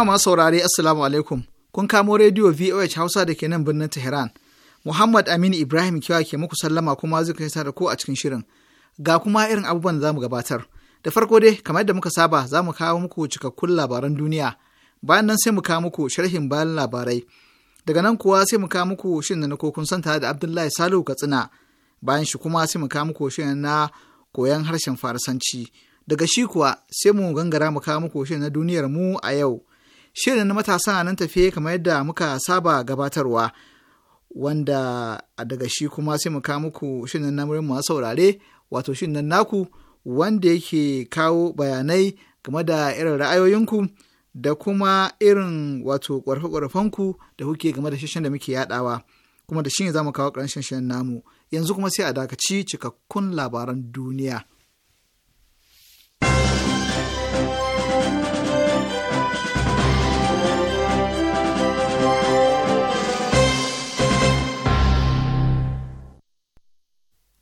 Jama'a masu saurare Assalamu alaikum. Kun kamo rediyo VOH Hausa da ke nan birnin Tehran. Muhammad Aminu Ibrahim Kiwa ke muku sallama kuma zai kai da ko a cikin shirin. Ga kuma irin abubuwan da zamu gabatar. Da farko dai, kamar yadda muka saba, za mu kawo muku cikakkun labaran duniya. Bayan nan sai mu kawo muku sharhin bayan labarai. Daga nan kuwa sai mu kawo muku shirin na kokun santa da Abdullahi Salihu Katsina. Bayan shi kuma sai mu kawo muku shin na koyon harshen farasanci Daga shi kuwa sai mu gangara mu kawo muku shin na duniyar mu a yau. Shirin na matasa nan tafiye kamar yadda muka saba gabatarwa wanda daga shi kuma sai mu kawo muku shirin na murin masu saurare wato shirin na naku wanda yake kawo bayanai game da irin ra'ayoyinku da kuma irin wato ƙwarfe-ƙwarfenku da kuke game da shishin da muke yaɗawa kuma da shi ne za mu kawo ƙarshen shirin namu yanzu kuma sai a dakaci cikakkun labaran duniya.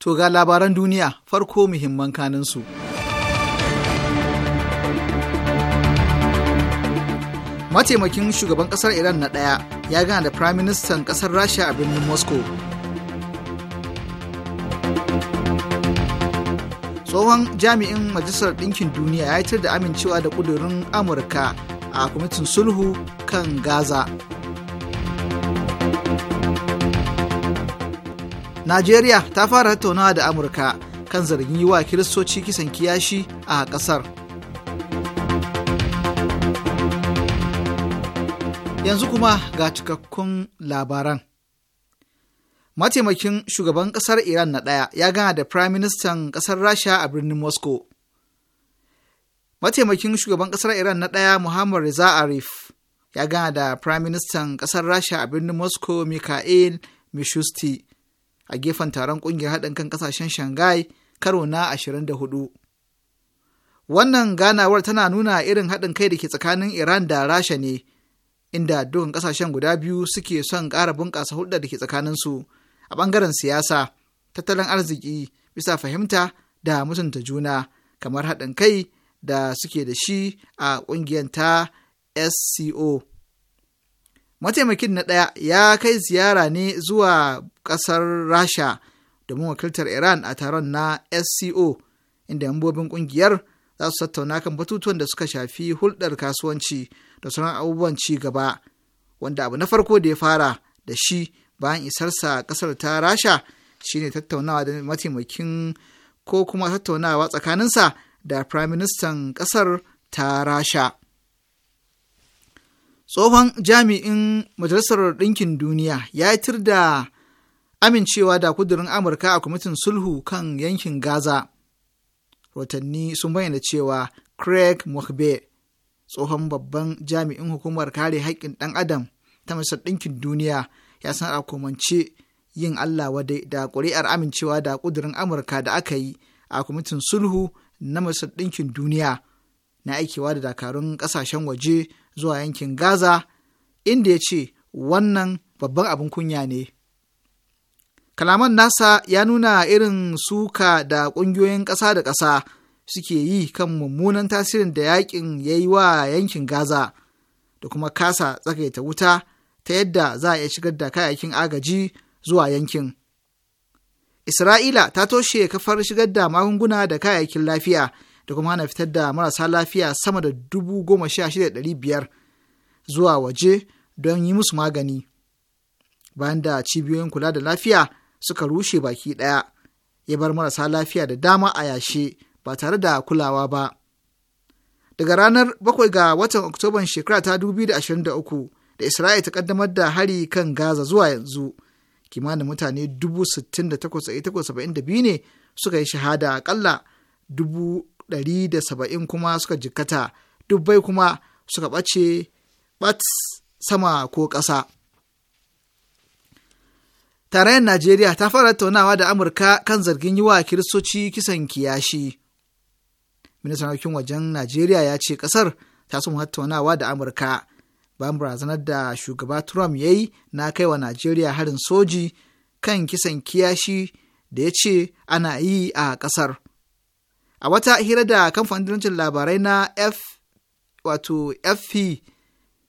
To ga labaran duniya farko muhimman kaninsu. Mataimakin shugaban ƙasar Iran na ɗaya ya gana da Firaministan ƙasar Rasha a birnin Moscow. Tsohon jami'in Majalisar Ɗinkin Duniya ya yi da amincewa da ƙudurin Amurka a kwamitin sulhu kan Gaza. najeriya ta fara tattaunawa da amurka kan zargin yi wa kiristoci kisan kiyashi a ƙasar yanzu kuma ga cikakkun labaran mataimakin shugaban ƙasar iran na ɗaya ya gana da prime Minister ƙasar rasha a birnin moscow mataimakin shugaban ƙasar iran na ɗaya muhammad reza arif ya gana da prime Minister ƙasar rasha a birnin moscow mikhail mishusti a gefen taron ƙungiyar haɗin kan ƙasashen Shanghai karo na 24. Wannan ganawar tana nuna irin haɗin kai da ke tsakanin Iran da Rasha ne, inda dukkan ƙasashen guda biyu suke son ƙara bunƙasa hulɗar da ke tsakaninsu a ɓangaren siyasa, tattalin arziki, bisa fahimta da mutunta juna, kamar haɗin kai da suke da shi a ƙungiyar ta SCO. mataimakin na ɗaya ya kai ziyara ne zuwa ƙasar rasha domin wakiltar iran a taron na sco inda yambobin ƙungiyar za su tattauna kan batutuwan da suka shafi hulɗar kasuwanci da sauran abubuwan ci gaba wanda abu na farko da ya fara da shi bayan isarsa ƙasar ta rasha shine tattaunawa da mataimakin ko kuma tattaunawa tsakaninsa da prime ministan ƙasar ta rasha tsohon jami'in majalisar ɗinkin duniya ya tir da amincewa da kudurin amurka a kwamitin sulhu kan yankin gaza rotanni sun bayyana cewa craig mokbe tsohon babban jami'in hukumar kare haƙƙin ɗan adam ta majalisar ɗinkin duniya ya san a komance yin allah wadai da ƙuri'ar amincewa da kudurin amurka da aka yi a kwamitin sulhu na majalisar ɗinkin duniya na aikewa da dakarun ƙasashen waje zuwa yankin Gaza, inda ya ce wannan babban abin kunya ne. Kalaman nasa ya nuna irin suka da ƙungiyoyin ƙasa da ƙasa suke yi kan mummunan tasirin da yaƙin ya yi wa yankin Gaza, da kuma kasa tsakaita wuta ta yadda za a iya shigar da kayayyakin agaji zuwa yankin. Isra'ila ta toshe kafar shigar da magunguna da kayayyakin lafiya da kuma hana fitar da marasa lafiya sama da dubu goma sha shida ɗari biyar zuwa waje don yi musu magani bayan da cibiyoyin kula da lafiya suka rushe baki ɗaya ya bar marasa lafiya da dama a yashe ba tare da kulawa ba daga ranar bakwai ga watan oktoban shekara ta 2023 da isra'ila ta kaddamar da hari kan gaza zuwa yanzu kimanin mutane 68,872 ne suka yi shahada akalla dubu. ɗari da saba'in kuma suka jikkata dubbai kuma suka ɓace ɓat sama ko ƙasa. Tarayyar Najeriya ta fara tattaunawa da Amurka kan zargin yi wa Kiristoci kisan kiyashi. Ministan harkokin wajen Najeriya ya ce ƙasar ta samu tattaunawa da Amurka bayan barazanar da shugaba Trump ya yi na wa Najeriya harin soji kan kisan kiyashi da ya ce ana yi a ƙasar. a wata hira da kamfanin labarai na f wato fp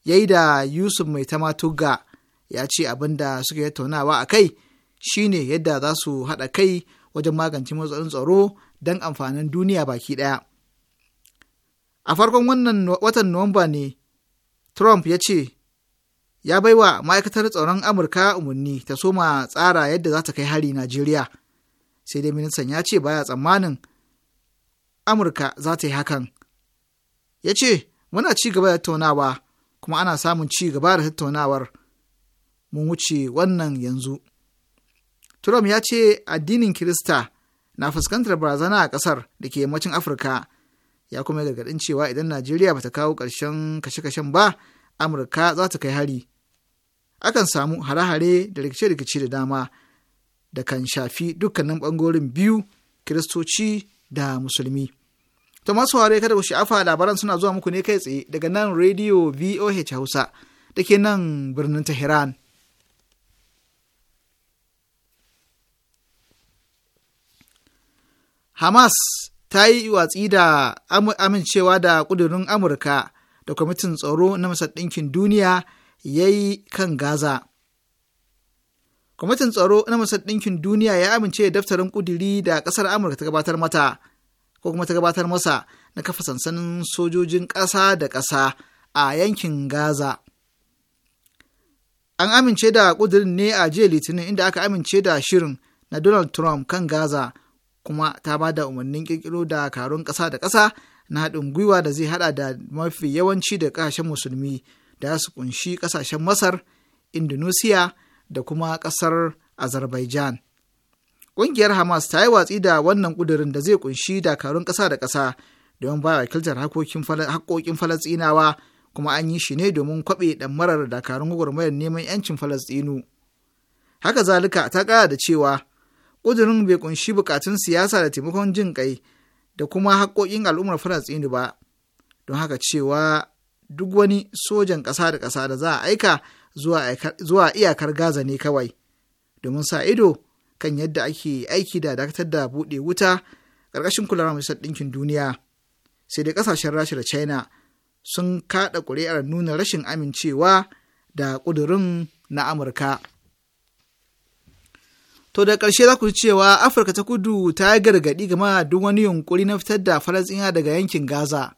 ya yi da yusuf mai tamatuga ya ce abin da yi tattaunawa a kai shine yadda za su haɗa kai wajen magance matsalolin tsaro don amfanin duniya baki ɗaya a farkon wannan watan nuwamba ne trump ya ce ya baiwa ma'aikatar tsaron amurka umarni ta soma tsara yadda za ta kai hari najeriya sai dai ministan ya ce baya tsammanin Amurka za ta yi hakan. Ya ce, muna ci gaba da tattaunawa kuma ana samun ci gaba da tattaunawar. Mun wuce wannan yanzu. Trump ya ce addinin Kirista na fuskantar barazana a ƙasar da ke yammacin Afirka. Ya kuma gargaɗin cewa idan Najeriya ba ta kawo ƙarshen kashe-kashen ba, Amurka za ta kai hari. Akan samu hare-hare da rikice-rikice da dama da kan shafi dukkanin ɓangoren biyu, Kiristoci da Musulmi. To masu ware kada ku sha'afa labaran suna zuwa muku ne kai tsaye daga nan Radio VOH Hausa da ke nan birnin Tehran. Hamas ta yi watsi da amincewa da ƙudurin Amurka da kwamitin tsaro na Masar Ɗinkin Duniya ya yi kan Gaza. Kwamitin tsaro na Masar Ɗinkin Duniya ya amince da daftarin ƙuduri da ƙasar Amurka ta gabatar mata ko kuma ta gabatar masa na kafa sansanin sojojin ƙasa da ƙasa a yankin Gaza. An amince da ƙudurin ne a jiya Litinin inda aka amince da shirin na Donald Trump kan Gaza kuma ta ba da umarnin ƙirƙiro da karun ƙasa da ƙasa na haɗin gwiwa da zai haɗa da mafi yawanci da ƙasashen musulmi da su kunshi ƙasashen Masar, Indonesia da kuma ƙasar Azerbaijan. Ƙungiyar Hamas ta yi watsi da wannan ƙudurin da zai kunshi dakarun ƙasa da ƙasa don ba wakiltar haƙoƙin Falasɗinawa kuma an yi shi ne domin kwaɓe ɗammarar dakarun gwagwarmayar neman 'yancin Falasɗinu. Haka zalika ta ƙara da cewa ƙudurin bai ƙunshi buƙatun siyasa da taimakon jin ƙai da kuma haƙoƙin al'ummar Falasɗinu ba. Don haka cewa duk wani sojan ƙasa da ƙasa da za a aika zuwa iyakar Gaza ne kawai domin sa ido kan yadda ake aiki da dakatar da buɗe wuta ƙarƙashin kulawar Majalisar Ɗinkin Duniya. Sai dai ƙasashen Rasha da China sun kaɗa ƙuri'ar nuna rashin amincewa da ƙudurin na Amurka. To da ƙarshe za ku ji cewa Afirka ta kudu ta yi gargaɗi game duk wani yunƙuri na fitar da Falasɗina daga yankin Gaza.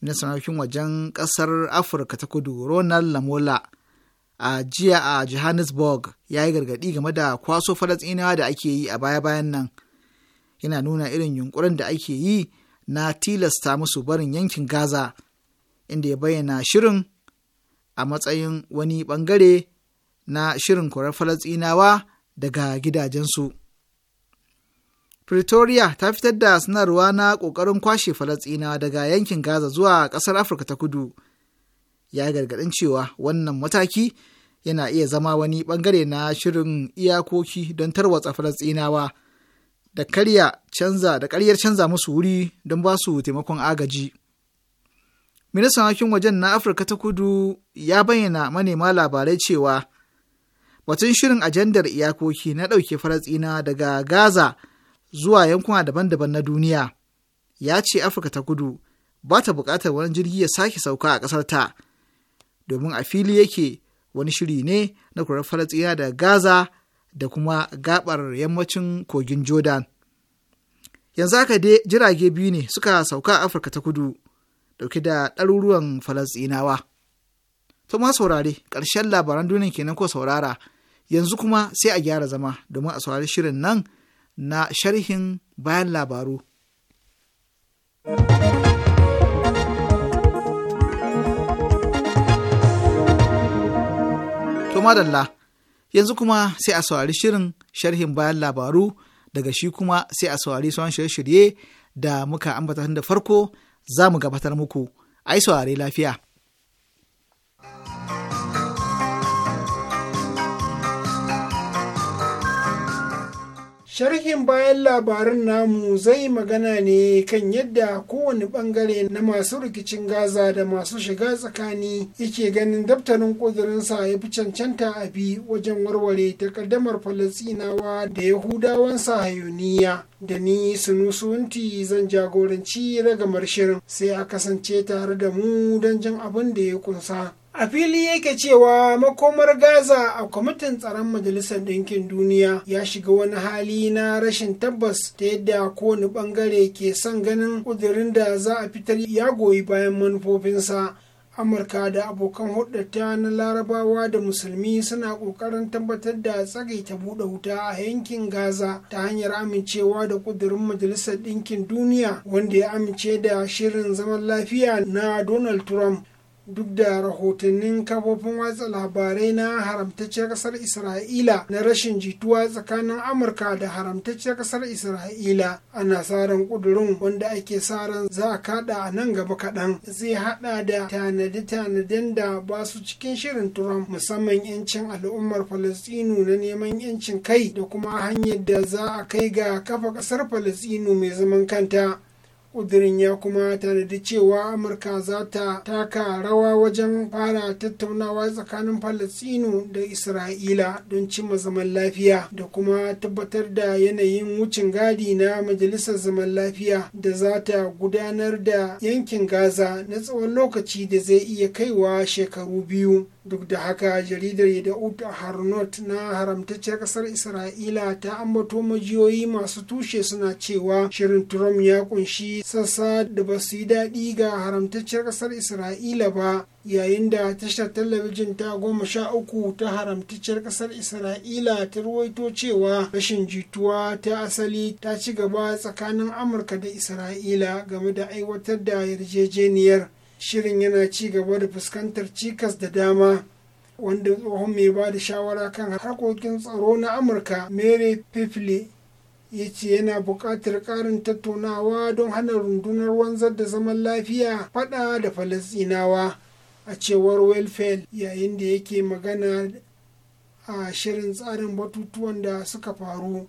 na harkokin wajen ƙasar Afirka ta kudu Ronald Lamola a jiya a johannesburg ya yi gargaɗi game da kwaso falasɗinawa da ake yi a baya-bayan nan yana nuna irin yunkurin da ake yi na tilasta musu barin yankin gaza inda ya bayyana shirin a matsayin wani ɓangare na shirin korar falasɗinawa daga gidajensu pretoria ta fitar da sanarwa na ƙoƙarin kwashe falasɗinawa daga yankin gaza zuwa ƙasar afirka ta kudu ya gargaɗin cewa wannan mataki yana iya zama wani ɓangare na shirin iyakoki don tarwatsa falastinawa da karya canza da karyar canza musu wuri don ba su taimakon agaji ministan hakin wajen na afirka ta kudu ya bayyana manema labarai cewa batun shirin ajandar iyakoki na ɗauke faratsina daga gaza zuwa yankuna daban-daban na duniya ya ce afirka ta kudu ba ta buƙatar wani jirgi ya sake sauka a ƙasarta ta domin a fili yake wani shiri ne na kurar falatsiya da gaza da kuma gabar yammacin kogin jordan yanzu haka dai jirage biyu ne suka sauka a afirka ta kudu dauke da ɗaruruwan falasɗinawa to ma saurare ƙarshen labaran duniya kenan ko saurara yanzu kuma sai a gyara zama domin a saurari shirin nan na sharhin bayan labaru. thank you To madalla, yanzu kuma sai a saurari shirin sharhin bayan labaru daga shi kuma sai a saurari sauran shirye-shirye da muka ambata da farko za mu gabatar muku. Ai saurari lafiya. sharhin bayan labarin namu zai magana ne kan yadda kowane bangare na masu rikicin gaza da masu shiga tsakani yake ganin daftarin kudurinsa ya fi cancanta a bi wajen warware takaddamar falasinawa da yahudawan sahayoniya da ni sunusunti zan jagoranci ragamar shirin sai a kasance tare da mu don jin abin da ya kunsa a fili yake cewa makomar gaza a kwamitin tsaron majalisar ɗinkin duniya ya shiga wani hali na rashin tabbas ta yadda kowane ɓangare ke son ganin ƙudurin da za a fitar ya goyi bayan manufofinsa amurka da abokan hudata na larabawa da musulmi suna ƙoƙarin tabbatar da tsagaita buɗe wuta a yankin gaza ta hanyar amincewa da ƙudurin majalisar ɗinkin duniya wanda ya amince da shirin zaman lafiya na donald trump duk da rahotannin kafofin watsa labarai na haramtacciyar kasar isra'ila na rashin jituwa tsakanin amurka da haramtacciyar kasar isra'ila ana tsarin kudurin wanda ake saran za a kada a nan gaba kaɗan zai hada da tanade tanadin da ba su cikin shirin trump musamman yancin al'ummar falastinu na neman yancin kai da kuma hanyar da za a kai ga kafa kasar falastinu mai zaman kanta ƙudirin ya kuma tanadi cewa amurka za ta taka rawa wajen fara tattaunawa tsakanin falastinu da isra'ila don cimma zaman lafiya da kuma tabbatar da yanayin wucin gadi na majalisar zaman lafiya da za ta gudanar da yankin gaza na tsawon lokaci da zai iya kaiwa shekaru biyu duk da haka jaridar yadda'ud harnot na haramtacciyar ƙasar isra'ila ta ambato majiyoyi masu tushe suna cewa shirin trump ya ƙunshi. sassa da ba su yi daɗi ga haramtacciyar ƙasar isra'ila ba yayin da tashar talabijin ta goma sha uku ta haramtacciyar ƙasar isra'ila ta ruwaito cewa rashin jituwa ta asali ta ci gaba tsakanin amurka da isra'ila game da aiwatar da yarjejeniyar shirin yana ci gaba da fuskantar cikas da dama wanda tsohon mai ba da shawara kan harkokin tsaro na amurka mary pifley ya ce yana buƙatar ƙarin tattaunawa don hana rundunar wanzar da zaman lafiya faɗa da falasɗinawa a cewar welfare yayin da yake magana a shirin tsarin batutuwan da suka faru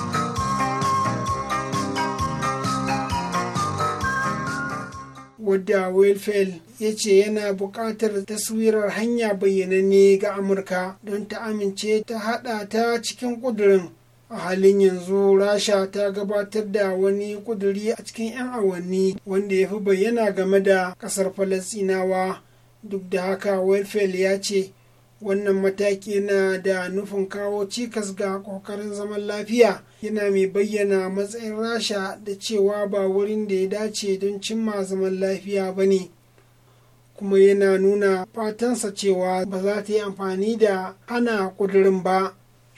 wadda Wilfell ya ce yana buƙatar taswirar hanya bayyananne ga amurka don ta amince ta haɗa ta cikin ƙudurin a halin yanzu rasha ta gabatar da wani ƙuduri a cikin 'yan awanni wanda ya fi bayyana game da ƙasar falasinawa duk da haka Wilfell ya ce wannan mataki yana da nufin kawo cikas ga kokarin zaman lafiya yana mai bayyana matsayin rasha da cewa ba wurin da ya dace don cimma zaman lafiya ba ne kuma yana nuna fatansa cewa ba za ta yi amfani da hana kudurin ba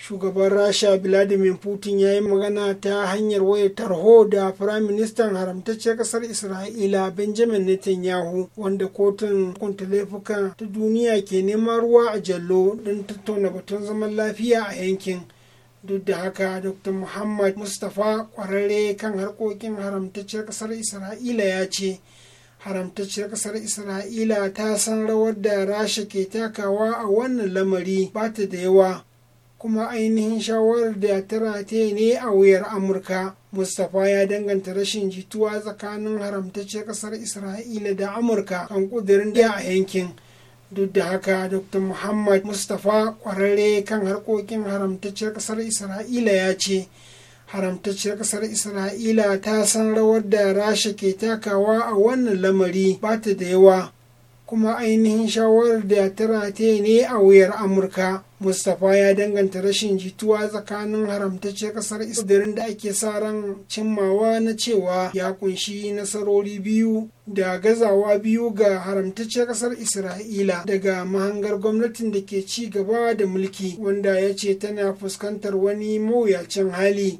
shugaban rasha vladimir putin ya yi magana ta hanyar wayar tarho da firaministan ministan haramtacciyar kasar isra'ila benjamin netanyahu wanda kotun hukunta laifuka ta duniya ke neman ruwa a jallo don tattauna batun zaman lafiya a yankin duk da haka dr muhammad mustapha kwararre kan harkokin haramtacciyar kasar isra'ila ya ce haramtacciyar kasar isra'ila ta san rawar da rasha ke takawa a wannan lamari ba ta da yawa kuma ainihin shawarar da ta rataye ne a wuyar amurka mustapha ya danganta rashin jituwa tsakanin haramtacciyar kasar isra'ila da amurka kan kudirin da a yankin duk da haka dr muhammad mustapha kwararre kan harkokin haramtacciyar kasar isra'ila ya ce haramtacciyar kasar isra'ila ta san rawar da rasha ke takawa a wannan lamari ba ta da yawa kuma ainihin shawarar da ta rataye ne a wuyar amurka mustapha ya danganta rashin jituwa tsakanin haramtacce kasar isdirin da ake sa ran cimmawa na cewa ya kunshi nasarori biyu da gazawa biyu ga haramtacce kasar isra'ila daga mahangar gwamnatin da ke ci gaba da mulki wanda ya ce tana fuskantar wani mawuyacin hali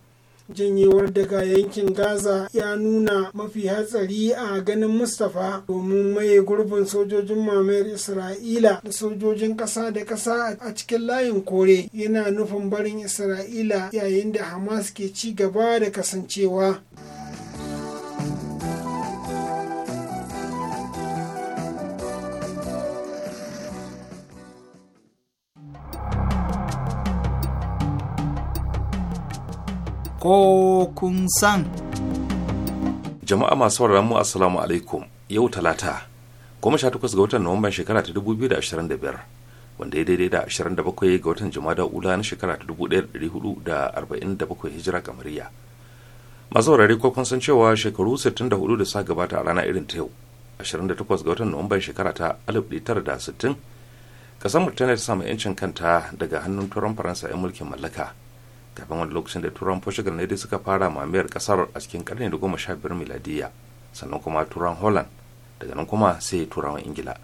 janyewar daga yankin gaza ya nuna mafi hatsari a ganin mustapha domin maye gurbin sojojin mamayar isra'ila da sojojin kasa da kasa a cikin layin kore yana nufin barin isra'ila yayin da hamas ke ci gaba da kasancewa. ko kun san. Jama'a masu sauraron mu Assalamu alaikum yau talata goma sha takwas ga watan Nuwamban shekara ta dubu biyu da ashirin da biyar wanda ya daidai da ashirin da bakwai ga watan Jumada Ula na shekara ta dubu ɗaya da ɗari hudu da arba'in da bakwai hijira kamariya. Masu saurare ko kun san cewa shekaru sittin da hudu da sa gabata a rana irin ta yau ashirin da takwas ga watan Nuwamban shekara ta alif ɗaya tara da sittin kasan mutane ta samu 'yancin kanta daga hannun turan Faransa 'yan mulkin mallaka. kafin wani lokacin da turan portugal ne dai suka fara mamiyar kasar a cikin karni da goma sha biyar miladiya sannan kuma turan holland daga nan kuma sai turawan ingila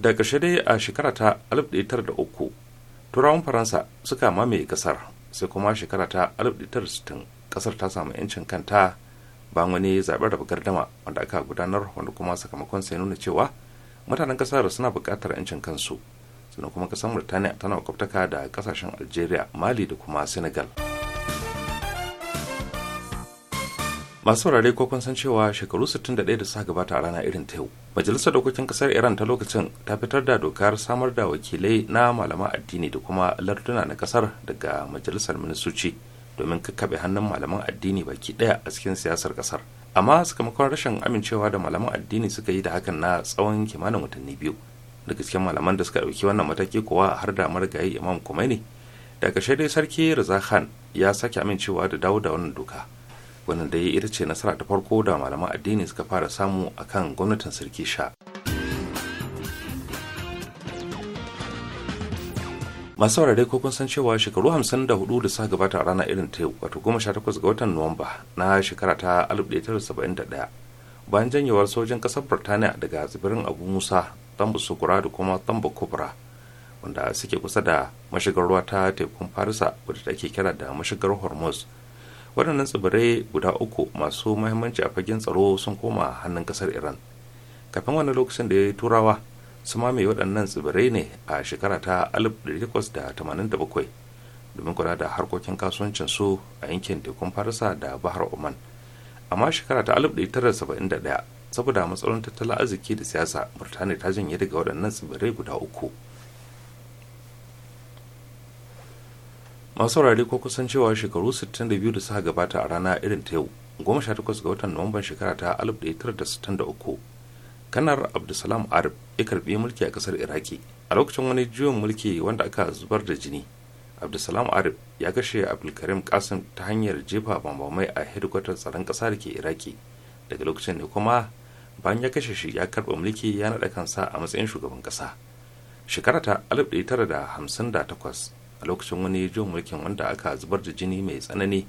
da ƙarshe dai a shekara ta 1903 turawan faransa suka mamaye kasar sai kuma shekara ta 1960 kasar ta samu 'yancin kanta bayan wani zaɓen raba gardama wanda aka gudanar wanda kuma sakamakon sai nuna cewa mutanen kasar suna buƙatar 'yancin kansu sannan kuma kasar murtaniya tana kwabtaka da kasashen algeria mali da kuma senegal masu saurare ko kun san cewa shekaru 61 da suka gabata a rana irin ta yau majalisar dokokin kasar iran ta lokacin ta fitar da dokar samar da wakilai na malaman addini da kuma larduna na kasar daga majalisar ministoci domin kakkaɓe hannun malaman addini baki ɗaya a cikin siyasar kasar amma sakamakon rashin amincewa da malaman addini suka yi da hakan na tsawon kimanin watanni biyu daga cikin malaman da suka ɗauki wannan mataki kuwa har da marigayi imam kumaini da ƙarshe dai sarki raza Khan ya sake amincewa da dawo da wannan doka wannan dai ita ce nasara ta farko da malaman addini suka fara samu a kan gwamnatin sarki sha masu saurare ko kun san cewa shekaru 54 da suka gabata a rana irin ta yau wato 18 ga watan nuwamba na shekara ta 1971 bayan janyewar sojin kasar birtaniya daga tsibirin abu musa tambu sukura da kuma tambu kubra wanda suke kusa da mashigar ruwa ta tekun farisa wadda take kira da mashigar hormuz waɗannan tsibirai guda uku masu mahimmanci a fagen tsaro sun koma hannun ƙasar iran kafin wani lokacin da ya yi turawa su mame waɗannan tsibirai ne a shekara ta 1887 domin kula da harkokin kasuwancin su a yankin tekun farisa da bahar oman amma shekara ta saboda matsalolin tattalin arziki da siyasa burtaniya ta janye daga waɗannan tsibirai guda uku masu rari ko kusan cewa shekaru 62 da suka gabata a rana irin ta yau 18 ga watan nuwamban shekara ta 1963 kanar abdulsalam arab ya karbi mulki a kasar iraki a lokacin wani juyin mulki wanda aka zubar da jini abdulsalam arab ya kashe abdulkarim kasim ta hanyar jefa bambamai a hedikwatar tsaron kasa da ke iraki daga lokacin ne kuma bayan ya kashe shi ya karɓa mulki ya naɗa kansa a matsayin shugaban ƙasa shekara ta takwas a lokacin wani jin mulkin wanda aka zubar da jini mai tsanani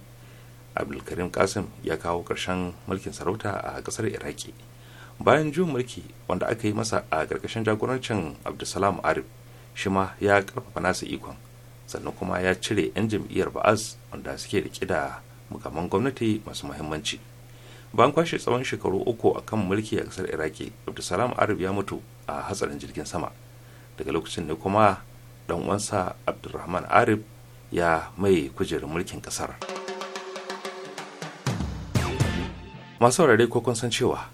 abdulkarim kasim ya kawo ƙarshen mulkin sarauta a ƙasar iraki bayan juyin mulki wanda aka yi masa a ƙarƙashin jagorancin abdulsalam arif shi ma ya ƙarfafa nasa ikon sannan kuma ya cire 'yan jam'iyyar ba'az wanda suke riƙe da mukamman gwamnati masu muhimmanci. bayan kwashe tsawon shekaru uku a kan mulki a kasar iraki abdulsalam arab ya mutu a hatsarin jirgin sama daga lokacin ne kuma dan uwansa abdulrahman arab ya mai kujerar mulkin kasar masu saurare ko kun san cewa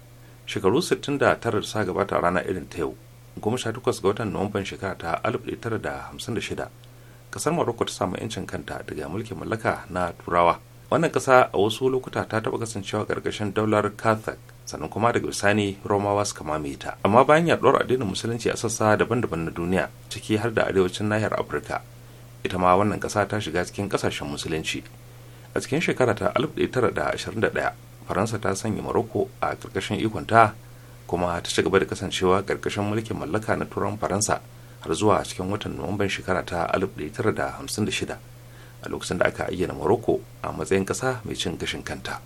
shekaru 69 da sa gabata rana irin ta yau 18 ga watan nuwamban shekara ta 1956 kasar morocco ta samu 'yancin kanta daga mulkin mallaka na turawa wannan kasa a wasu lokuta ta taba kasancewa karkashin daular catholic sannan kuma daga bisani romawa suka mamaye ta amma bayan yaduwar addinin musulunci a sassa daban-daban na duniya ciki har da arewacin nahiyar afirka ita ma wannan kasa ta shiga cikin kasashen musulunci a cikin shekara ta 1921 faransa ta sanya morocco a ƙarƙashin ikonta kuma ta ci gaba da kasancewa karkashin mulkin mallaka na turan faransa har zuwa cikin watan nuwamban shekara ta 1956 a lokacin da aka ayyana morocco a matsayin ƙasa mai cin gashin kanta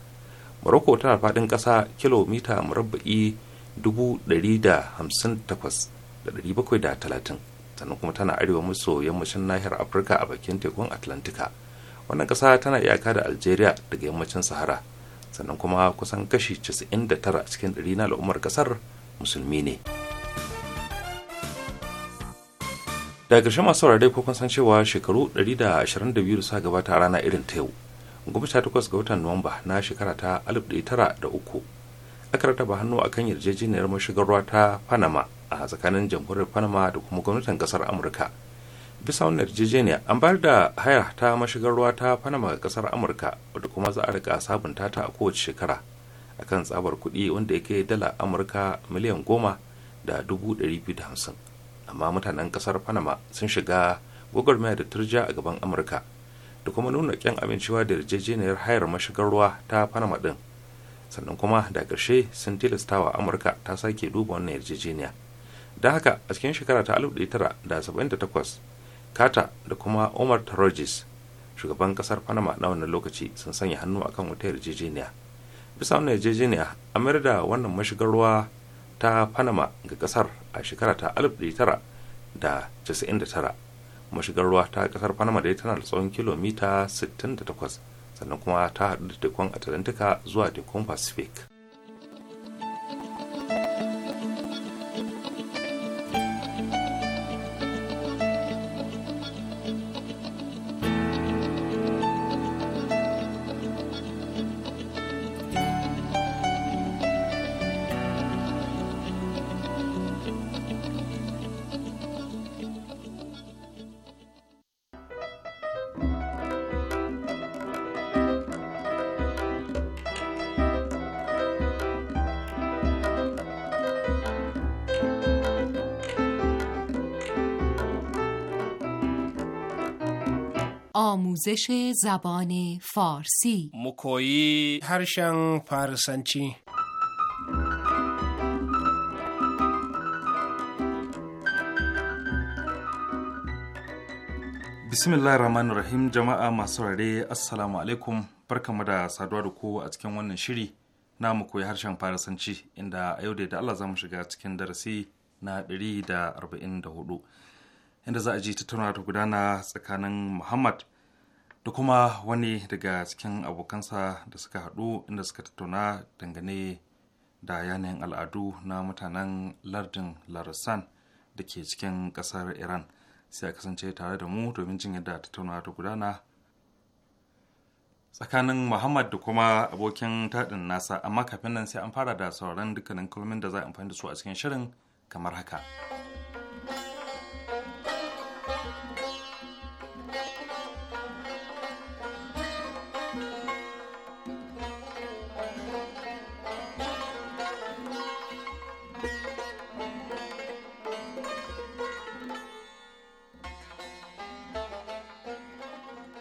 morocco tana faɗin ƙasa kilomita murabba'i 158,730 sannan kuma tana arewa maso yammacin nahiyar afirka a bakin tekun atlantika wannan ƙasa tana iyaka da algeria daga yammacin sahara sannan kuma kusan kashi tara cikin ɗari na al'ummar ƙasar musulmi ne. daga ƙarshe masu saurare ko san cewa shekaru 122 da suka gabata a rana irin ta yau goma sha takwas ga watan nuwamba na shekara ta 1903 aka rataba hannu a kan yarjejeniyar mashigar ruwa ta panama a tsakanin jamhuriyar panama da kuma gwamnatin ƙasar amurka bisa wannan yarjejeniya an bayar da haya ta mashigar ruwa ta panama ga kasar amurka wadda kuma za a rika sabunta ta a kowace shekara akan tsabar kuɗi wanda ya kai dala amurka miliyan goma da dubu ɗari biyu da hamsin amma mutanen kasar panama sun shiga gwagwarmaya da turja a gaban amurka da kuma nuna kyan amincewa da yarjejeniyar hayar mashigar ruwa ta panama din sannan kuma da ƙarshe sun tilastawa amurka ta sake duba wannan yarjejeniya da haka a cikin shekara ta 1978 kata da kuma omar tarojis shugaban kasar panama na wannan lokaci sun sanya hannu akan wata yarjejeniya bisa wannan yarjejeniya a mayar da wannan mashigar ruwa ta panama ga kasar a shekara ta 1999 mashigar ruwa ta kasar panama da tana da tsawon kilomita 68 sannan kuma ta haɗu da tekun atlantika zuwa tekun pacific آموزش زبان فارسی مکویی هرشن فارسنچی bismillah rahman rahim jama'a masu rare assalamu alaikum barkamu da saduwa da ku a cikin wannan shiri na mu koyi harshen farasanci inda a yau da Allah za mu shiga cikin darasi na 144 inda za a ji tattaunawa ta gudana tsakanin muhammad da kuma wani daga cikin abokansa da suka haɗu inda suka tattauna dangane da yanayin al'adu na mutanen lardin larasan da ke cikin ƙasar iran sai a kasance tare da mu domin jin yadda tattauna ta gudana tsakanin muhammad da kuma abokin taɗin nasa amma kafin nan sai an fara da sauran dukkanin kalmomin da za a amfani da su a cikin shirin kamar haka.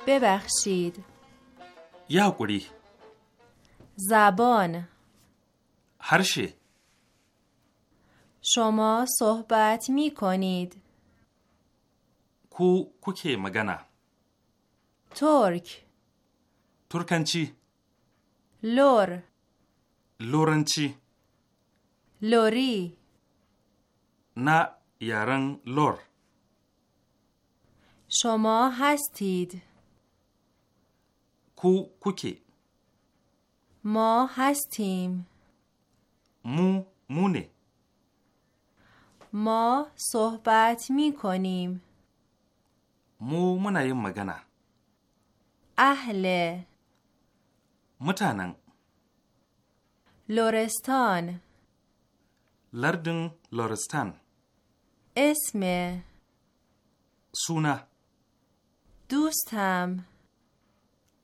ببخشید یا زبان هرشه شما صحبت می کنید کو کوکی مگنه ترک چی؟ لور چی؟ لوری نه یارن لور شما هستید ku kuke mo hastim mu mune mo sohbat mikonim mu muna yin magana ahle mutanen lorestan lardin lorestan esme suna dustam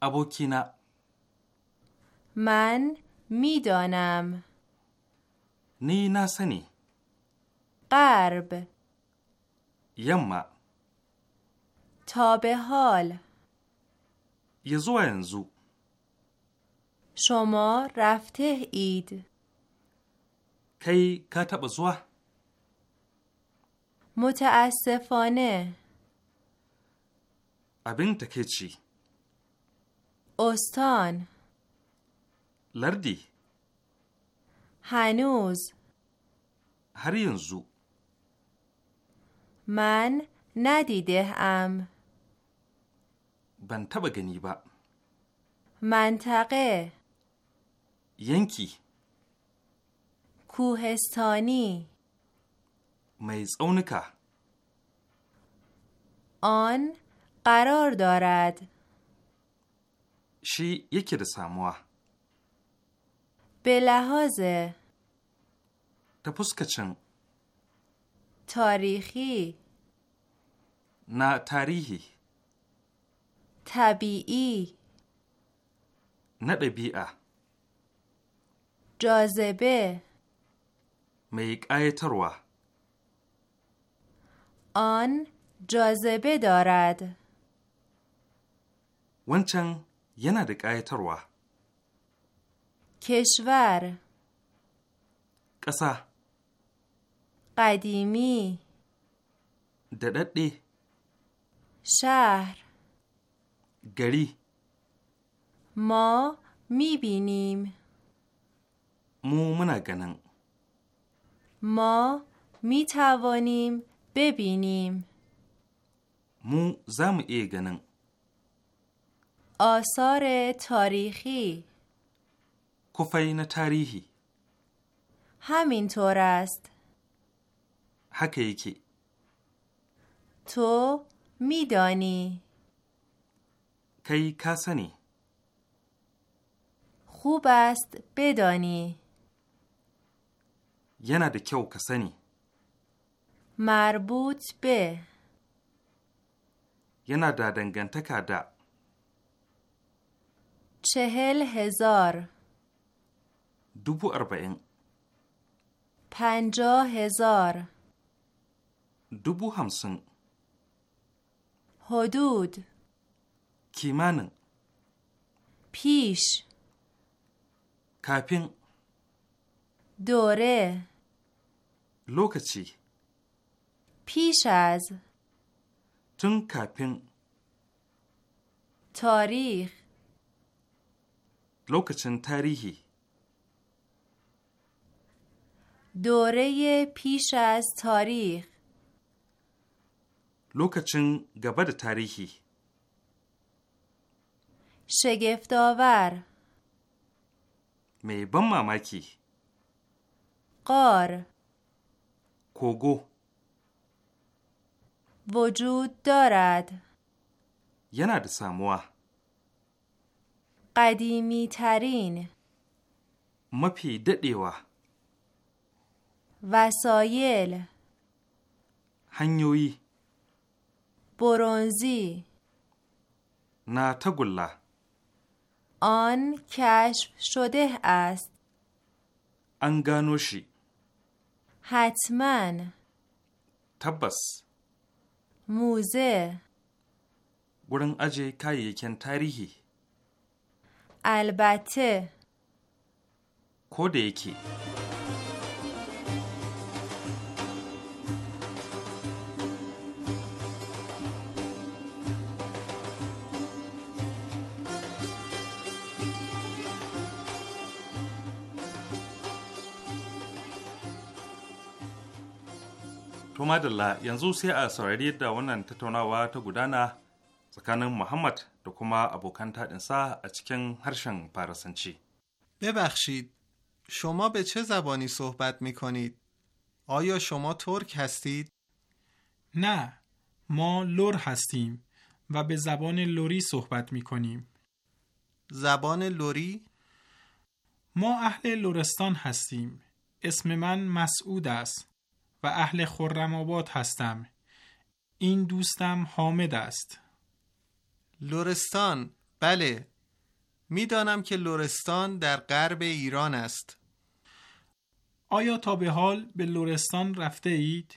abokina من میدانم نی نسنی قرب یما تا به حال یزو انزو شما رفته اید کی کتب زوه متاسفانه abin تکیچی استان لردی هنوز هر ینزو من ندیده ام بن تبا منطقه ینکی کوهستانی می آن قرار دارد شی یکی ده به لحاظ کچن تاریخی نا تاریخی طبیعی نه جازبه. جاذبه می آن جاذبه دارد ونچن yana da ƙayatarwa. Keshwar ƙasa Ƙadimi daɗaɗɗe Shar. gari Ma mibinim Mu muna ganin Ma mitawonim bebinim Mu za mu iya ganin. آثار تاریخی کفین تاریخی همینطور است حقیقی تو میدانی کی کسنی خوب است بدانی یه ده کیو کسنی مربوط به یه ده دنگنتکه ده چهل هزار دوبو اربعین پنجا هزار دوبو همسن حدود کیمان پیش کپین دوره لوکچی پیش از تون کپین تاریخ لوکچن تاریخی دوره پیش از تاریخ لوکچن گبد تاریخی شگفتآور می ماماکی قار کوگو وجود دارد یه نرد ساموا قدیمی ترین مپی ددیوه وسایل هنیوی برونزی نا آن کشف شده است انگانوشی حتما تبس موزه گرن اجه کن تاریخی البته کد یکی madalla yanzu sai a saurari yadda wannan tattaunawa ta gudana tsakanin Muhammad da kuma abokan taɗinsa a cikin harshen ببخشید شما به چه زبانی صحبت می کنید؟ آیا شما ترک هستید؟ نه ما لور هستیم و به زبان لوری صحبت می کنیم زبان لوری؟ ما اهل لورستان هستیم اسم من مسعود است و اهل خرم هستم این دوستم حامد است لورستان بله میدانم که لورستان در غرب ایران است آیا تا به حال به لورستان رفته اید؟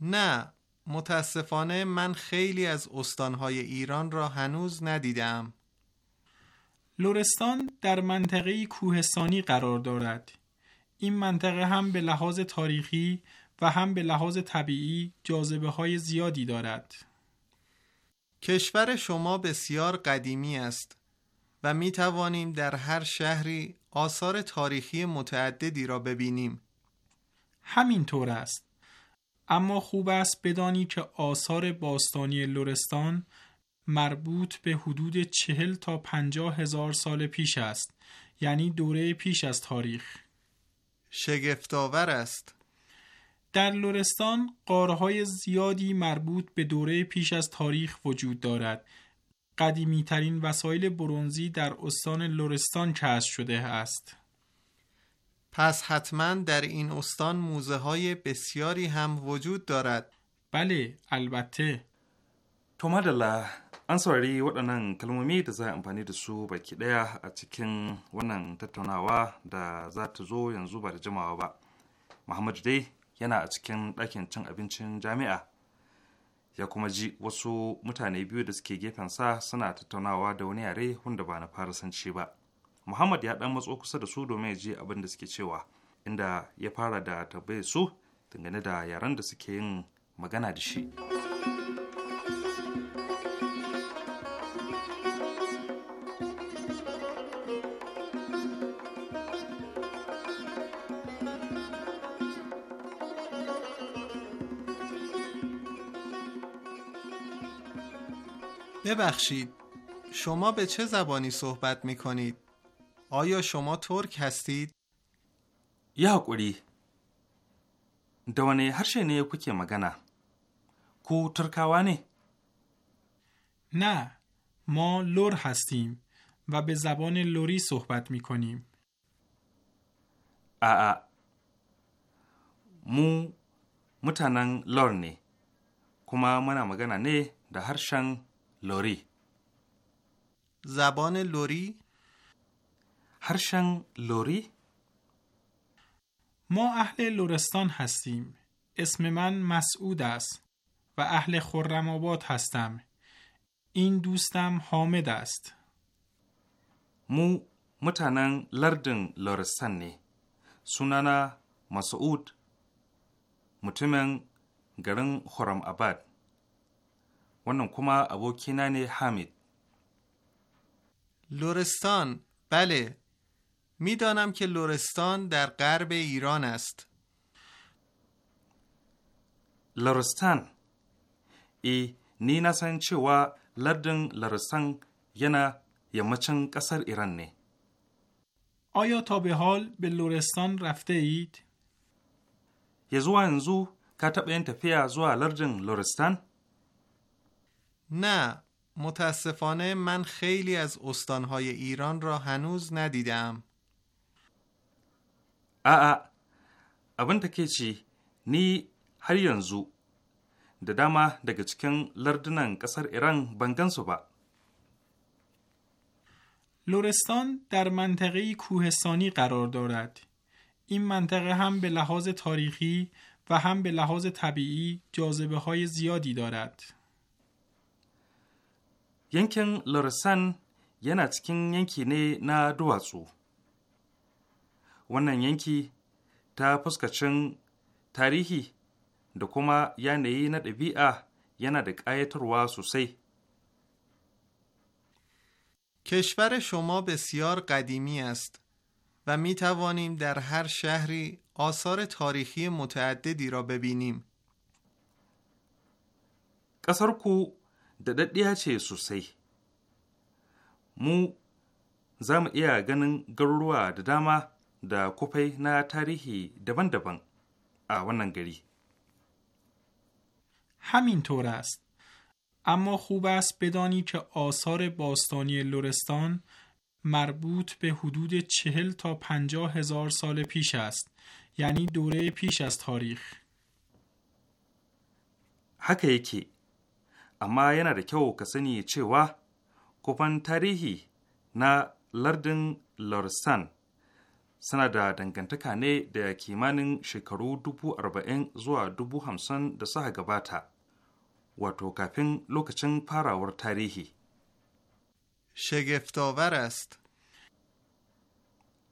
نه متاسفانه من خیلی از استانهای ایران را هنوز ندیدم لورستان در منطقه کوهستانی قرار دارد این منطقه هم به لحاظ تاریخی و هم به لحاظ طبیعی جاذبه های زیادی دارد کشور شما بسیار قدیمی است و می توانیم در هر شهری آثار تاریخی متعددی را ببینیم. همین طور است. اما خوب است بدانی که آثار باستانی لورستان مربوط به حدود چهل تا پنجاه هزار سال پیش است یعنی دوره پیش از تاریخ شگفتآور است در لرستان قارهای زیادی مربوط به دوره پیش از تاریخ وجود دارد. قدیمیترین وسایل برونزی در استان لرستان کشف شده است. پس حتما در این استان موزه های بسیاری هم وجود دارد. بله، البته. تو madalla انسواری saurari کلمومی در da امپانی در سو da su baki ɗaya a در wannan tattaunawa da بر ta zo محمد دی، yana a cikin ɗakin cin abincin jami'a ya kuma ji wasu mutane biyu da suke gefensa suna tattaunawa da wani yare wanda ba na farasanci ba muhammad ya ɗan matso kusa da su domin ya ji abin da suke cewa inda ya fara da tambayar su dangane da yaren da suke yin magana da shi. ببخشید شما به چه زبانی صحبت می کنید؟ آیا شما ترک هستید؟ یا حقوری دوانه هر شی نه کوکی مگنا کو ترکاوا نه ما لور هستیم و به زبان لوری صحبت می کنیم آ مو متنان لور نه منا مگنه نه نه هر شنگ؟ لوری زبان لوری هرشنگ لوری ما اهل لورستان هستیم اسم من مسعود است و اهل خرم آباد هستم این دوستم حامد است مو متنن لردن لورستان نی سنانا مسعود متمن گرن خرم آباد wannan kuma abokina ne Hamid. لورستان بله میدانم که لورستان در غرب ایران است لورستان ای نی نسان چوا لردن لورستان ینا یمچن قصر ایران نه آیا تا به حال به لورستان رفته اید؟ یزو انزو کتب این تفیه زوا لردن لورستان؟ نه متاسفانه من خیلی از استانهای ایران را هنوز ندیدم abin تکیچی نی har yanzu da dama daga cikin lardunan ƙasar Iran لورستان در منطقه کوهستانی قرار دارد. این منطقه هم به لحاظ تاریخی و هم به لحاظ طبیعی جاذبه های زیادی دارد. Yankin Larsan yana cikin yanki ne na duwatsu. Wannan yanki ta fuskacin tarihi da kuma yanayi na ɗabi'a yana da ƙayatarwa sosai. کشور شما بسیار قدیمی است و می توانیم در هر شهری آثار تاریخی متعددی را ببینیم. قصر کو da daddiya ce sosai mu za mu iya ganin garuruwa da dama da kufai na tarihi daban-daban a wannan gari همینطور است اما خوب است بدانی که آثار باستانی لورستان مربوط به حدود چهل تا پنجاه هزار سال پیش است یعنی دوره پیش از تاریخ حکه یکی amma yana da kyau ka sani cewa kufan tarihi na lardin lorsan suna da dangantaka ne da kimanin shekaru dubu arba'in zuwa dubu hamsin da suka gabata wato kafin lokacin farawar tarihi shageftawaras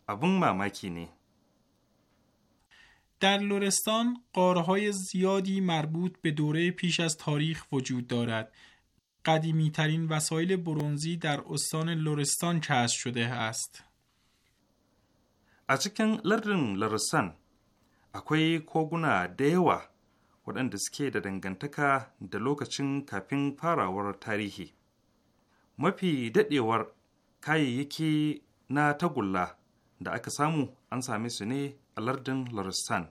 abin mamaki ne در لورستان قارهای زیادی مربوط به دوره پیش از تاریخ وجود دارد. قدیمی ترین وسایل برونزی در استان لورستان کشف شده است. از چکن لرن لرستان اکوی کوگونا دیوه ودن دسکی در دنگنتکا دلوک چن کپنگ پارا ور تاریخی. مپی دیدی کای یکی نا در دا اکسامو انسامی سنی لاردن لرستان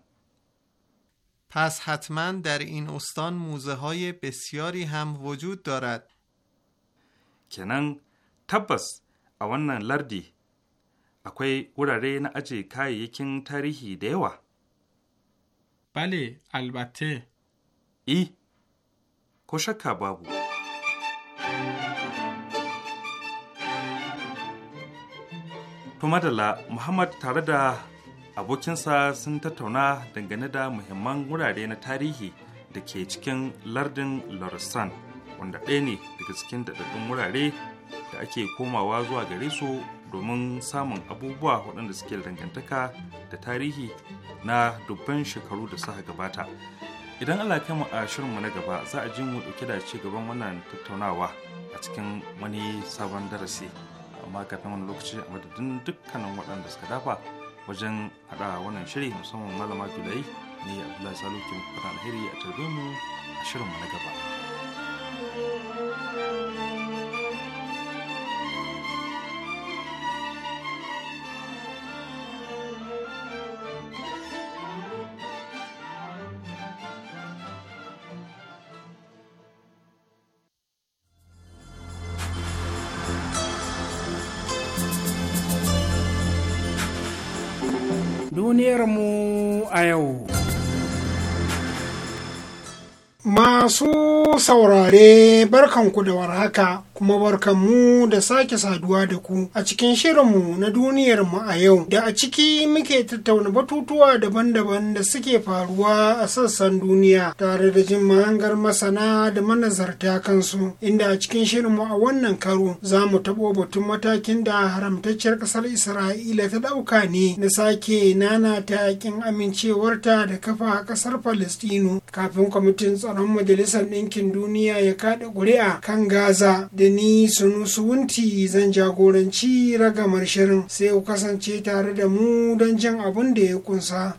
پس حتما در این استان موزه های بسیاری هم وجود دارد کنن تبس اوانن لردی اکوی وراره نا اجی کاییکین تاریخی دیوا بله البته ای کشکا بابو تو madalla Muhammad tare abokinsa sun tattauna dangane da muhimman wurare na tarihi da ke cikin lardin larsan wanda ɗaya ne daga cikin daɗaɗɗun wurare da ake komawa zuwa gare su domin samun abubuwa waɗanda suke dangantaka da tarihi na dubban shekaru da suka gabata idan Allah kai mu a shirinmu na gaba za a ji mu ɗauki da ci gaban wannan tattaunawa a cikin wani sabon darasi amma kafin wani lokaci a madadin dukkanin waɗanda suka dafa wajen hada wannan shirin musamman malama julai ne abdullahi salukin fata alheri a tarbe mu a shirinmu na gaba. mu a yau. Masu saurare barkanku da warhaka, kuma barkanmu da sake saduwa da ku a cikin shirinmu na duniyar mu a yau da a ciki muke tattauna batutuwa daban-daban da suke faruwa a sassan duniya tare da jin mahangar masana da manazarta kansu inda a cikin shirinmu a wannan karo za mu taɓo batun matakin da haramtacciyar ƙasar isra'ila ta ɗauka ne na sake nana ta yakin amincewarta da kafa ƙasar palestino kafin kwamitin tsaron majalisar ɗinkin duniya ya kaɗa ƙuri'a kan gaza da da ni sunusu zan jagoranci ragamar shirin sai ku kasance tare da mu don jan abin da ya kunsa.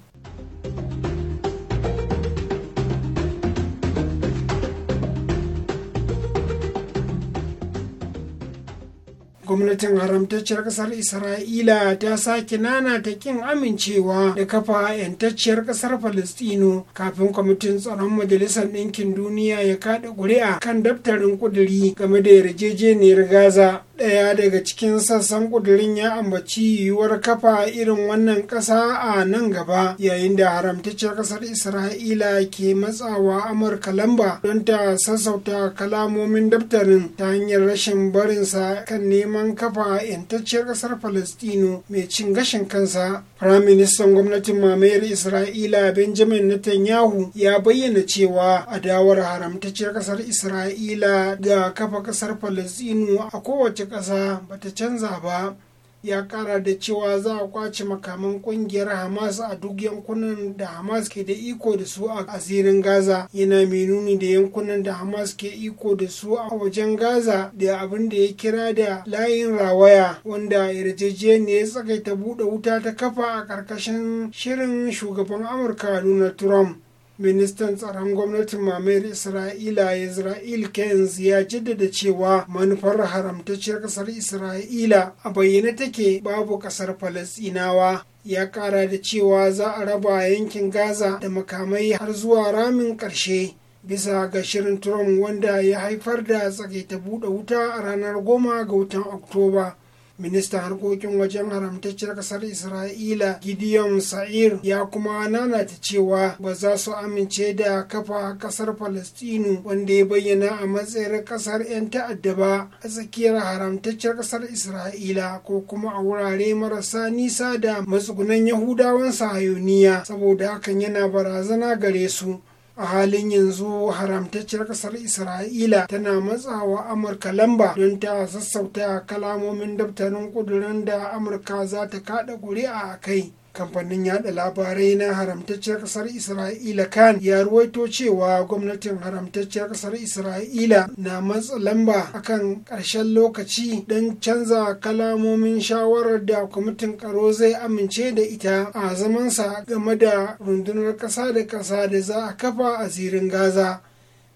gwamnatin haramtacciyar kasar isra'ila ta sake nana ta kin amincewa da kafa yantacciyar kasar falistino kafin kwamitin tsaron majalisar ɗinkin duniya ya kaɗa ƙuri'a kan daftarin ƙuduri game da yarjejeniyar gaza ɗaya daga cikin sassan ƙudurin ya ambaci yiwuwar kafa irin wannan ƙasa a nan gaba yayin da haramtacciyar ƙasar isra'ila ke matsawa amurka lamba don ta sassauta kalamomin daftarin ta hanyar rashin barinsa kan neman kafa yantacciyar ƙasar falastino mai cin gashin kansa firaministan gwamnatin mamayar isra'ila benjamin netanyahu ya bayyana cewa adawar haramtacciyar ƙasar isra'ila ga kafa ƙasar falastino a kowace Ƙasa 'ba ta canza ba ya kara da cewa za a kwace makaman kungiyar hamas a duk yankunan da hamas ke da iko da su a asirin gaza yana mai nuni da yankunan da hamas ke iko da su a wajen gaza da abin da ya kira da layin rawaya wanda yarjejeniya ya tsakaita buɗe wuta ta kafa a karkashin shirin shugaban amurka donald trump ministan tsaron gwamnatin mamayar isra'ila israel kenz ya jaddada cewa manufar haramtacciyar kasar isra'ila a bayyane take babu kasar falasinawa ya kara da cewa za a raba yankin gaza da makamai har zuwa ramin karshe bisa ga shirin trump wanda ya haifar da tsakaita buɗe wuta a ranar goma ga watan oktoba ministan harkokin wajen haramtacciyar kasar isra'ila gideon sa'ir ya kuma nanata cewa ba za su amince da kafa kasar palestinu wanda ya bayyana a matsayin kasar 'yan ta'adda ba a tsakiyar haramtacciyar kasar isra'ila ko kuma a wurare marasa nisa da matsugunan yahudawan sahayoniya saboda hakan yana barazana gare su a halin yanzu haramtacciyar ƙasar isra'ila tana matsawa amurka lamba don ta sassauta kalamomin daftarin kudurin da amurka za ta kaɗa ƙuri'a a kai kamfanin yada labarai na haramtacciyar kasar isra'ila kan ya ruwaito cewa gwamnatin haramtacciyar kasar isra'ila na matsa lamba akan ƙarshen lokaci don canza kalamomin shawarar da kwamitin karo zai amince da ita a zamansa game da rundunar ƙasa da ƙasa da za a kafa a zirin gaza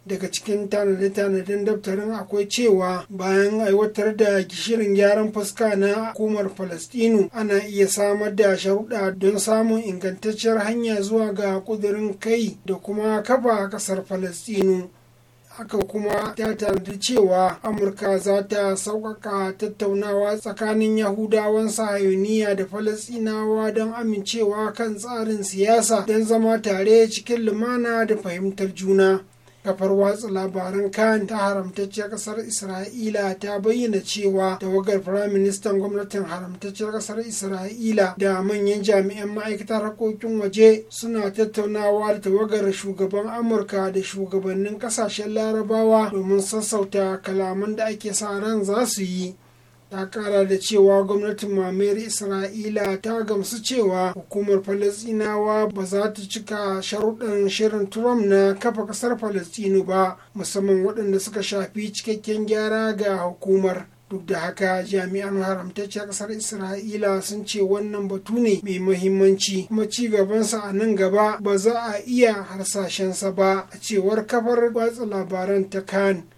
daga cikin tanade-tanaden daftarin akwai cewa bayan aiwatar da gishirin gyaran fuska na hukumar falastinu ana iya samar da sharuɗa don samun ingantacciyar hanya zuwa ga ƙudurin kai da kuma kafa ƙasar falastinu haka kuma ta tanadi cewa amurka za ta sauƙaƙa tattaunawa tsakanin yahudawan sahayoniya da falasinawa don amincewa kan tsarin siyasa don zama tare cikin lumana da fahimtar juna kafar watsa labaran kan ta haramtacciyar kasar isra'ila ta bayyana cewa tawagar firaministan gwamnatin haramtacciyar ƙasar isra'ila da manyan jami'an ma'aikatar harkokin waje suna tattaunawa da tawagar shugaban amurka da shugabannin ƙasashen larabawa domin sassauta kalaman da ake sa ran za su yi ta kara da cewa gwamnatin mamayar isra'ila ta gamsu cewa hukumar falasinawa ba za ta cika sharuɗan shirin trump na kafa ƙasar falasinu ba musamman waɗanda suka shafi cikakken gyara ga hukumar duk da haka jami'an haramtacciyar ƙasar isra'ila sun ce wannan batu ne mai mahimmanci kuma ci gabansa a nan gaba ba za a iya harsashensa ba a cewar kafar watsa labaran ta kan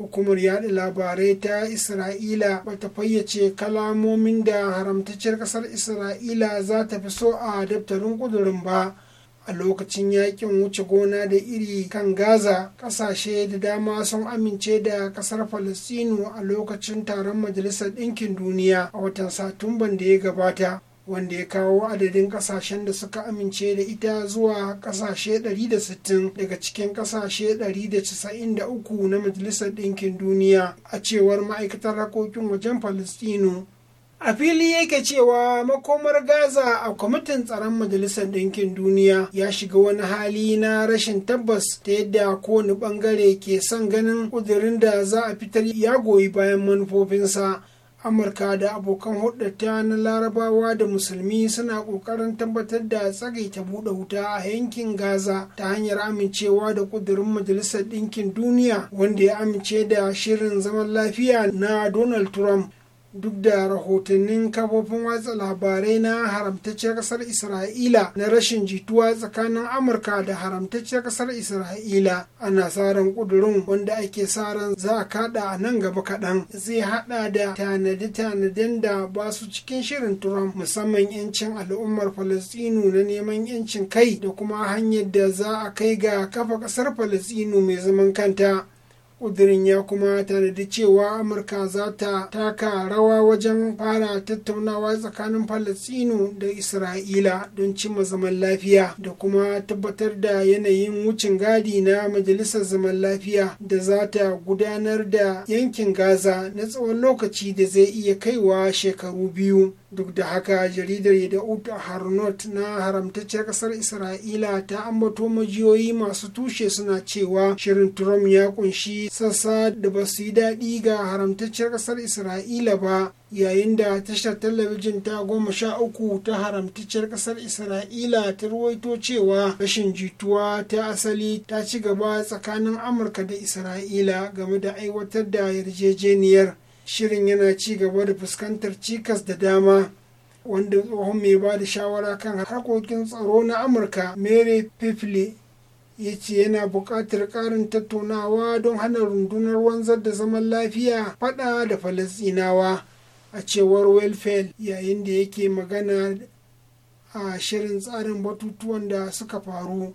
hukumar yada labarai ta isra'ila bata fayyace kalamomin da haramtacciyar kasar isra'ila za ta fi so a daftarin kudurin ba a lokacin yakin wuce gona da iri kan gaza kasashe da dama sun amince da kasar falastinu a lokacin taron majalisar ɗinkin duniya a watan satumban da ya gabata wanda ya kawo adadin kasashen da suka amince da ita zuwa kasashe 160 daga cikin kasashe 193 na majalisar ɗinkin duniya a cewar ma'aikatar harkokin wajen palestino a fili yake cewa makomar gaza a kwamitin tsaron majalisar ɗinkin duniya ya shiga wani hali na rashin tabbas ta yadda kowane ɓangare ke son ganin ƙudurin da za a fitar ya goyi bayan manufofinsa amurka da abokan hudata na larabawa da musulmi suna kokarin tabbatar da ta buɗe wuta a yankin gaza ta hanyar amincewa da kudurin majalisar ɗinkin duniya wanda ya amince da shirin zaman lafiya na donald trump duk da rahotannin kafofin watsa labarai na haramtacciyar ƙasar isra'ila na rashin jituwa tsakanin amurka da haramtacciyar ƙasar isra'ila ana tsarin kudurin wanda ake ran za a kada a nan gaba kaɗan zai haɗa da tanade-tanaden da ba su cikin shirin trump musamman yancin al'ummar falastinu na neman yancin kai da kuma hanyar da za a kai ga kafa ƙasar falastinu mai zaman kanta ƙudirin ya kuma tanadi cewa amurka za ta taka rawa wajen fara tattaunawa tsakanin falastinu da isra'ila don cimma zaman lafiya da kuma tabbatar da yanayin wucin gadi na majalisar zaman lafiya da za ta gudanar da yankin gaza na tsawon lokaci da zai iya kaiwa shekaru biyu duk da haka jaridar yadda'ut harnot na haramtacciyar kasar isra'ila ta ambato majiyoyi masu tushe suna cewa shirin trump ya kunshi sassa da ba su yi daɗi ga haramtacciyar kasar isra'ila ba yayin da tashar talabijin ta goma sha uku ta haramtacciyar kasar isra'ila ta ruwaito cewa rashin jituwa ta asali ta ci gaba tsakanin amurka da isra'ila game da aiwatar da yarjejeniyar shirin yana ci gaba da fuskantar cikas da dama wanda tsohon mai ba da shawara kan harkokin tsaro na amurka mary pifle ya ce yana buƙatar ƙarin tattaunawa don hana rundunar wanzar da zaman lafiya faɗa da falasinawa a cewar welfare yayin da yake magana a shirin tsarin batutuwan da suka faru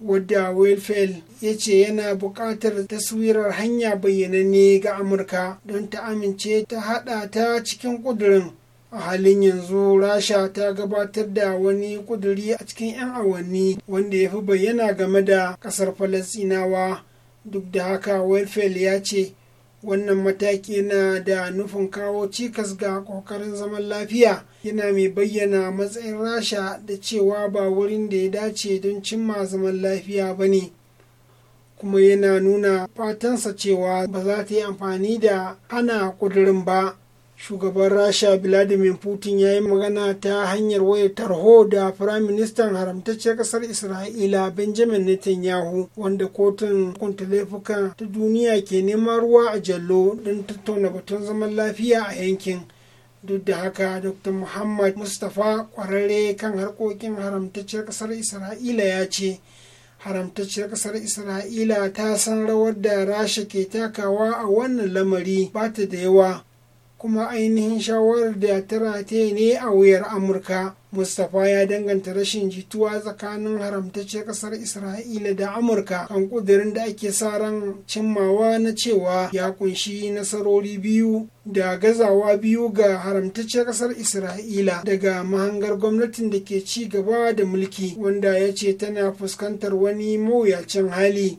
wadda welfel ya ce yana buƙatar taswirar hanya bayyananne ga amurka don ta amince ta haɗa ta cikin ƙudurin a halin yanzu rasha ta gabatar da wani ƙuduri a cikin 'yan awanni wanda ya fi bayyana game da ƙasar falasinawa duk da haka welfel ya ce wannan mataki na da nufin kawo cikas ga kokarin zaman lafiya yana mai bayyana matsayin rasha da cewa ba wurin da ya dace don cimma zaman lafiya ba ne kuma yana nuna fatansa cewa ba za ta yi amfani da hana kudurin ba shugaban rasha vladimir putin ya yi magana ta hanyar wayar tarho da firayim ministan haramtacciyar kasar isra'ila benjamin netanyahu wanda kotun hukunta laifuka ta duniya ke neman ruwa a jallo don tattauna batun zaman lafiya a yankin duk da haka dr muhammad mustapha kwararre kan harkokin haramtacciyar kasar isra'ila ya ce haramtacciyar kasar isra'ila ta san rawar da rasha ke takawa a wannan lamari ba ta da yawa kuma ainihin shawarar da ta rate ne a wuyar amurka mustapha ya danganta rashin jituwa tsakanin haramtacce kasar isra'ila da amurka kan kudirin da ake sa ran cimmawa na cewa ya kunshi nasarori biyu da gazawa biyu ga haramtacce kasar isra'ila daga mahangar gwamnatin da ke ci gaba da mulki wanda ya ce tana fuskantar wani mawuyacin hali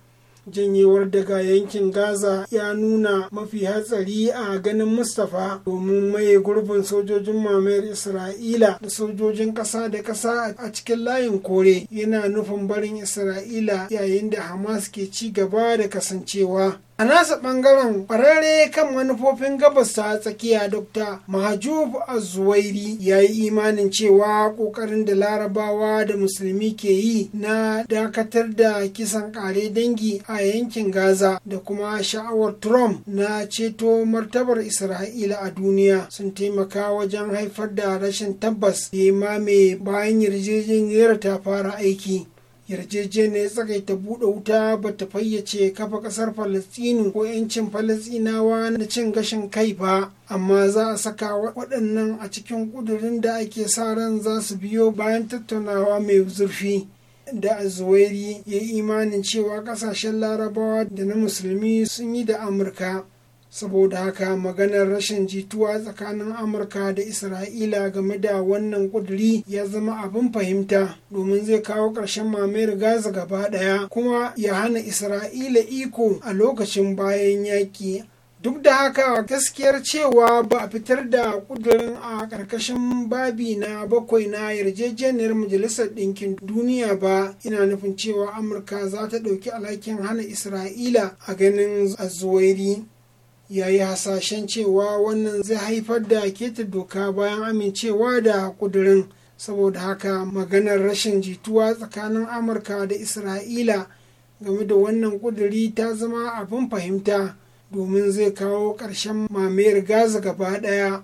janyewar daga yankin gaza ya nuna mafi hatsari a ganin mustapha domin maye gurbin sojojin mamayar isra'ila da sojojin kasa da kasa a cikin layin kore yana nufin barin isra'ila yayin da hamas ke ci gaba da kasancewa a nasa bangaren kwararre kan manufofin gabas ta tsakiya Dokta, mahajub azuwairi ya yi imanin cewa kokarin da larabawa da musulmi ke yi na dakatar da kisan kare dangi a yankin gaza da kuma sha'awar trump na ceto martabar isra'ila a duniya sun taimaka wajen haifar da rashin tabbas da ya mame bayan yarjejeniyar ta fara aiki yarjejeniyar ta buɗe wuta ba ta fayyace kafa ƙasar falastinu ko 'yancin falastinawa na cin gashin kai ba amma za a saka waɗannan a cikin ƙudurin da ake sa ran za su biyo bayan tattaunawa mai zurfi da azuwairi ya yi imanin cewa ƙasashen larabawa da na musulmi sun yi da amurka saboda haka maganar rashin jituwa tsakanin amurka da isra'ila game da wannan kuduri ya zama abin fahimta domin zai kawo ƙarshen mamayar gaza gaba ɗaya kuma ya hana isra'ila iko a lokacin bayan yaƙi duk da haka gaskiyar cewa ba a fitar da kudurin a ƙarƙashin babi na bakwai na yarjejeniyar majalisar ɗinkin duniya ba ina nufin cewa amurka za ta ɗauki alhakin hana isra'ila a ganin azuwairi ya yi hasashen cewa wannan zai haifar da keta doka bayan amincewa da kudurin, saboda haka maganar rashin jituwa tsakanin amurka da isra'ila game da wannan kuduri ta zama abin fahimta domin zai kawo ƙarshen mamayar gaza gaba ɗaya.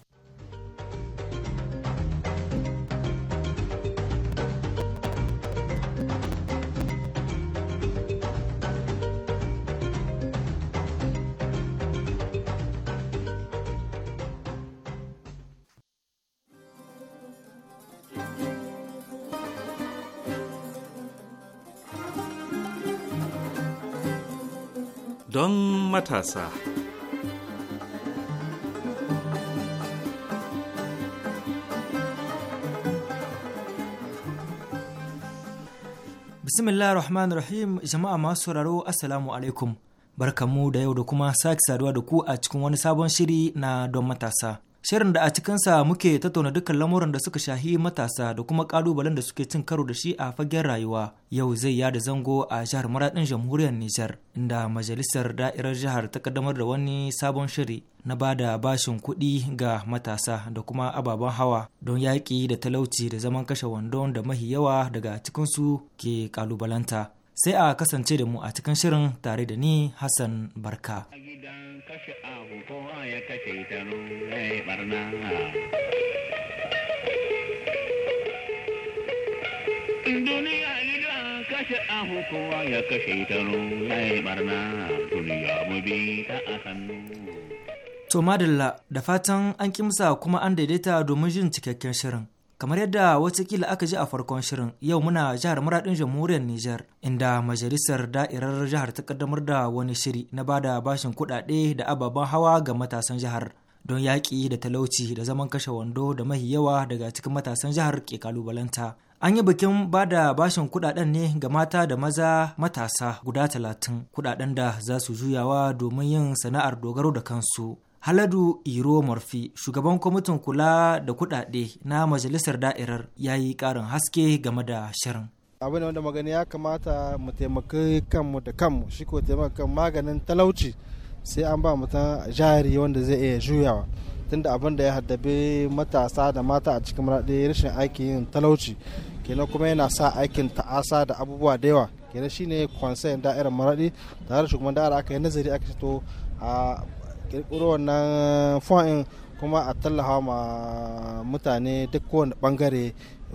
don matasa. Bismillah rahman rahim jama'a masu sauraro Assalamu alaikum. Barkamu da yau da kuma sake saduwa da ku a cikin wani sabon shiri na don matasa. Shirin da a cikinsa muke tattauna dukkan lamuran da suka shahi matasa da kuma kalubalen da suke cin karo da shi a fagen rayuwa yau zai yada zango a jihar maradin jamhuriyar Nijar inda majalisar da'irar jihar ta kaddamar da wani sabon shiri na ba da bashin kuɗi ga matasa da kuma ababen hawa don yaƙi da talauci da zaman kashe wandon da mahi yawa daga cikinsu ke ƙalubalanta, Sai a kasance da mu a cikin shirin tare da ni Hassan Barka. kashe abu kowa ya kashe ta To Madalla da fatan an kimsa kuma an daidaita domin jin cikakken shirin. kamar yadda watakila aka ji a farkon shirin yau muna jihar muradin jamhuriyar Niger, inda majalisar da'irar jihar ta kaddamar da wani shiri na ba da bashin kuɗaɗe da ababen hawa ga matasan jihar don yaƙi da talauci da zaman kashe wando da mahi yawa daga cikin matasan jihar ke kalubalanta an yi bikin ba da bashin kuɗaɗen ne ga mata da maza matasa guda talatin kuɗaɗen da za su juyawa domin yin sana'ar dogaro da kansu Haladu Iro Murphy, shugaban kwamitin kula da kuɗaɗe na majalisar da'irar ya yi ƙarin haske game da shirin. abu ne wanda magani ya kamata mu taimaki kanmu da kanmu shi ko taimaka maganin talauci sai an ba mutum jari wanda zai iya juyawa tunda abin da ya haddabe matasa da mata a cikin raɗe rashin aikin yin talauci kenan kuma yana sa aikin ta'asa da abubuwa da yawa kenan shine kwansayin da'irar maraɗi tare da shugaban da'ira aka yi nazari aka to a kirkiro wannan fon kuma a tallafa ma mutane duk kowane bangare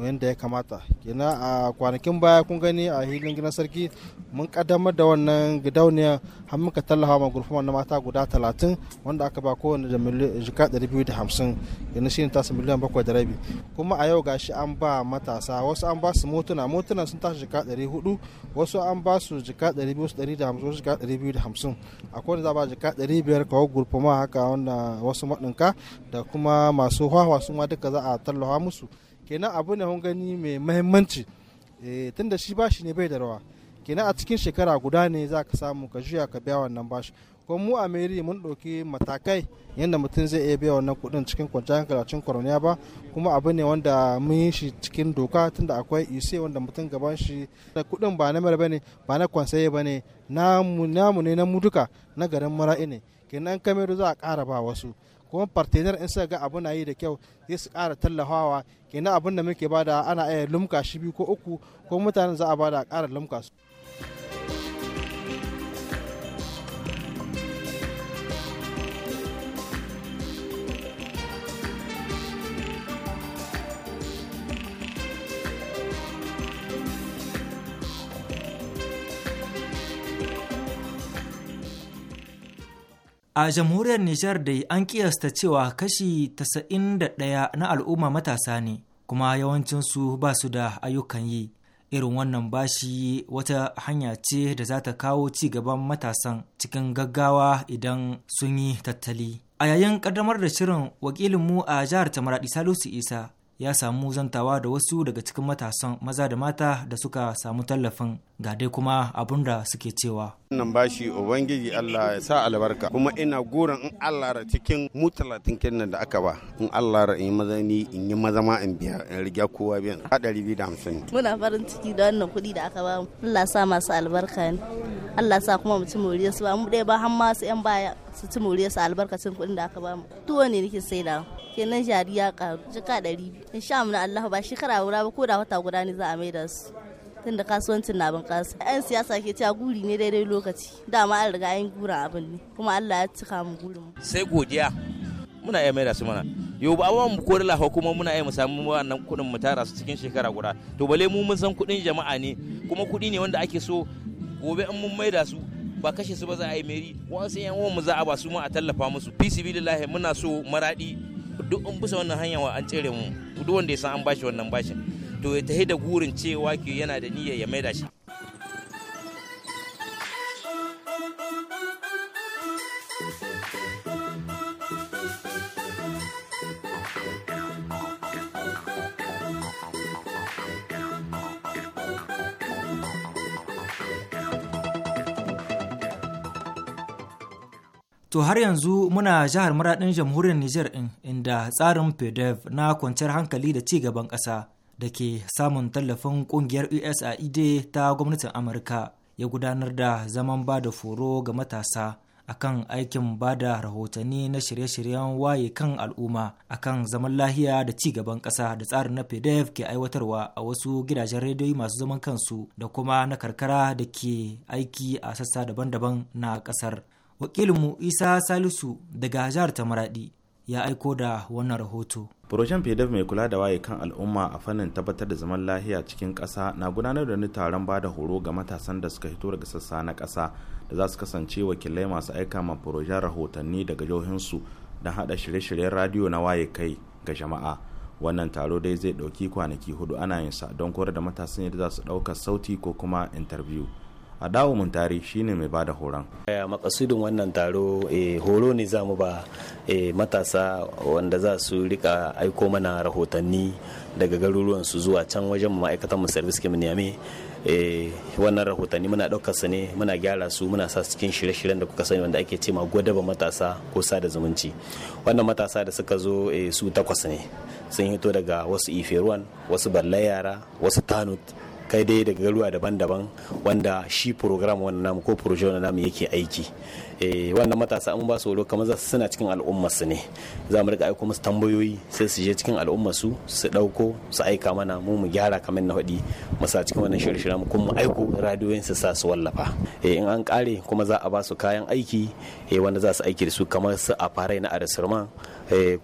yadda ya kamata kenan a kwanakin baya kun gani a hilin gina sarki mun kaddamar da wannan gidauniya har muka tallafa ma gurfuma na mata guda talatin wanda aka ba kowane da jika 250 biyu da hamsin shi ne tasu miliyan bakwai da rabi kuma a yau gashi an ba matasa wasu an ba su motuna motuna sun tashi jika 400 hudu wasu an ba su jika 250 biyu ɗari da hamsin wasu jika ɗari biyu da hamsin akwai da za ba jika 500 biyar kawo gurfuma haka wanda wasu maɗinka da kuma masu hawa sun ma duka za a tallafa musu kenan abu ne hun gani mai mahimmanci eh, tun da shi bashi ne bai da rawa kenan a cikin shekara guda ne za ka samu ka juya ka biya wannan bashi ko mu a meri mun ɗauki matakai yadda mutum zai iya biya wannan kuɗin cikin kwanciyar hankali cikin kwaroniya ba kuma abu ne wanda mun yi shi cikin doka tunda akwai ise wanda mutum gaban shi kuɗin ba na mara bane ba na kwansaye bane namu ne na mu duka na garin mara'i ne kenan kameru za a ƙara ba wasu kuma partenar in suka ga abu na yi da kyau zai su ƙara tallafawa kenan abin da muke bada ana iya lumka shi biyu ko uku ko mutanen za a bada ƙara lumka su A jamhuriyar Nijar dai an kiyasta cewa kashi 91 na al'umma matasa ne, kuma yawancinsu ba su da ayyukan yi. Irin wannan bashi wata hanya ce da za ta kawo ci gaban matasan cikin gaggawa idan sun yi tattali. A yayin ƙaddamar da shirin wakilinmu a jihar Tamaraɗi Salisu Isa ya samu zantawa da wasu daga cikin matasan maza da mata da suka samu tallafin ga dai kuma abin da suke cewa. Nan bashi Ubangiji Allah ya sa albarka kuma ina goron in Allah ra cikin mu talatin kenan da aka ba in Allah ra in mazani in yi mazama in biya in riga kowa biyan a ɗari biyu da hamsin. Muna farin ciki da wannan kuɗi da aka ba mu Allah sa masu albarka ne Allah sa kuma mutum moriya su ba mu ɗaya ba har ma su yan baya su ci moriya su albarkacin kuɗin da aka ba mu tuwo ne nake saida kenan jari ya karu jika ɗari biyu in sha mu na Allah ba shekara wura ba ko da wata guda ne za a maida su. tunda kasuwancin na bunƙasa yan siyasa ke cewa guri ne daidai lokaci dama an riga an gura abin ne kuma Allah ya cika mu gurin sai godiya muna iya maida su mana yau ba mu kori lafa kuma muna iya mu samu wannan kuɗin mu tara su cikin shekara guda to bale mu mun san kuɗin jama'a ne kuma kuɗi ne wanda ake so gobe an mun maida su ba kashe su ba za a yi meri sai yan uwan mu za a ba su ma a tallafa musu fi sabilillahi muna so maradi duk an bisa wannan hanya wa an tsere mu duk wanda ya san an bashi wannan bashin to ya tahi da gurin cewa ke yana da niyya ya maida shi To har yanzu muna jihar maradin jamhuriyar Nijar in inda tsarin FEDEV na kwanciyar hankali da ci gaban ƙasa da ke samun tallafin kungiyar usaid ta gwamnatin amurka ya gudanar da zaman ba da foro ga matasa akan aikin ba da rahotanni na shirye-shiryen waye kan al'umma akan zaman lahiya da ci gaban ƙasa da tsarin na pdf ke aiwatarwa a wasu gidajen rediyoyi masu zaman kansu da kuma na karkara da ke aiki a sassa daban-daban na ƙasar wakilinmu isa salisu daga jihar tamaradi ya aiko da wannan rahoto Furojen pdf mai kula da waye kan al'umma a fannin tabbatar da zaman lahiya cikin ƙasa na gudanar da wani taron ba da horo ga matasan da suka hito daga sassa na ƙasa da za su kasance wakilai masu aika ma furojen rahotanni daga jihohinsu don haɗa shirye-shiryen radiyo na waye kai ga jama'a. Wannan taro dai zai ɗauki kwanaki hudu ana yin sa don koyar da matasan yadda za su ɗauka sauti ko kuma intarbiyu. a dawo mun tare shine mai bada horon makasudin wannan taro eh, horo ne za mu ba eh, matasa wanda za su rika aiko mana rahotanni daga garuruwan su zuwa can wajen ma'aikatan mu service kim eh, wannan rahotanni muna ɗauka su ne muna gyara su muna sa cikin shirye-shiryen da kuka sani wanda ake ce ma gwadaba matasa ko sada zumunci wannan matasa da suka zo su takwas ne sun hito daga wasu iferuwan wasu balla wasu tanut kai dai daga garuwa daban-daban wanda shi program wannan ko proje wannan namu yake aiki Eh, wannan matasa an ba su horo kamar su suna cikin al'ummar su ne za mu rika aiko musu tambayoyi sai su je cikin al'ummar su su dauko su aika mana mu mu gyara kamar na faɗi mu sa cikin wannan shirye shirye mu kuma aiko radiyoyin su sa su wallafa eh, in an kare kuma za a ba su kayan aiki eh, wanda za su aiki da su kamar su a farai na arasurman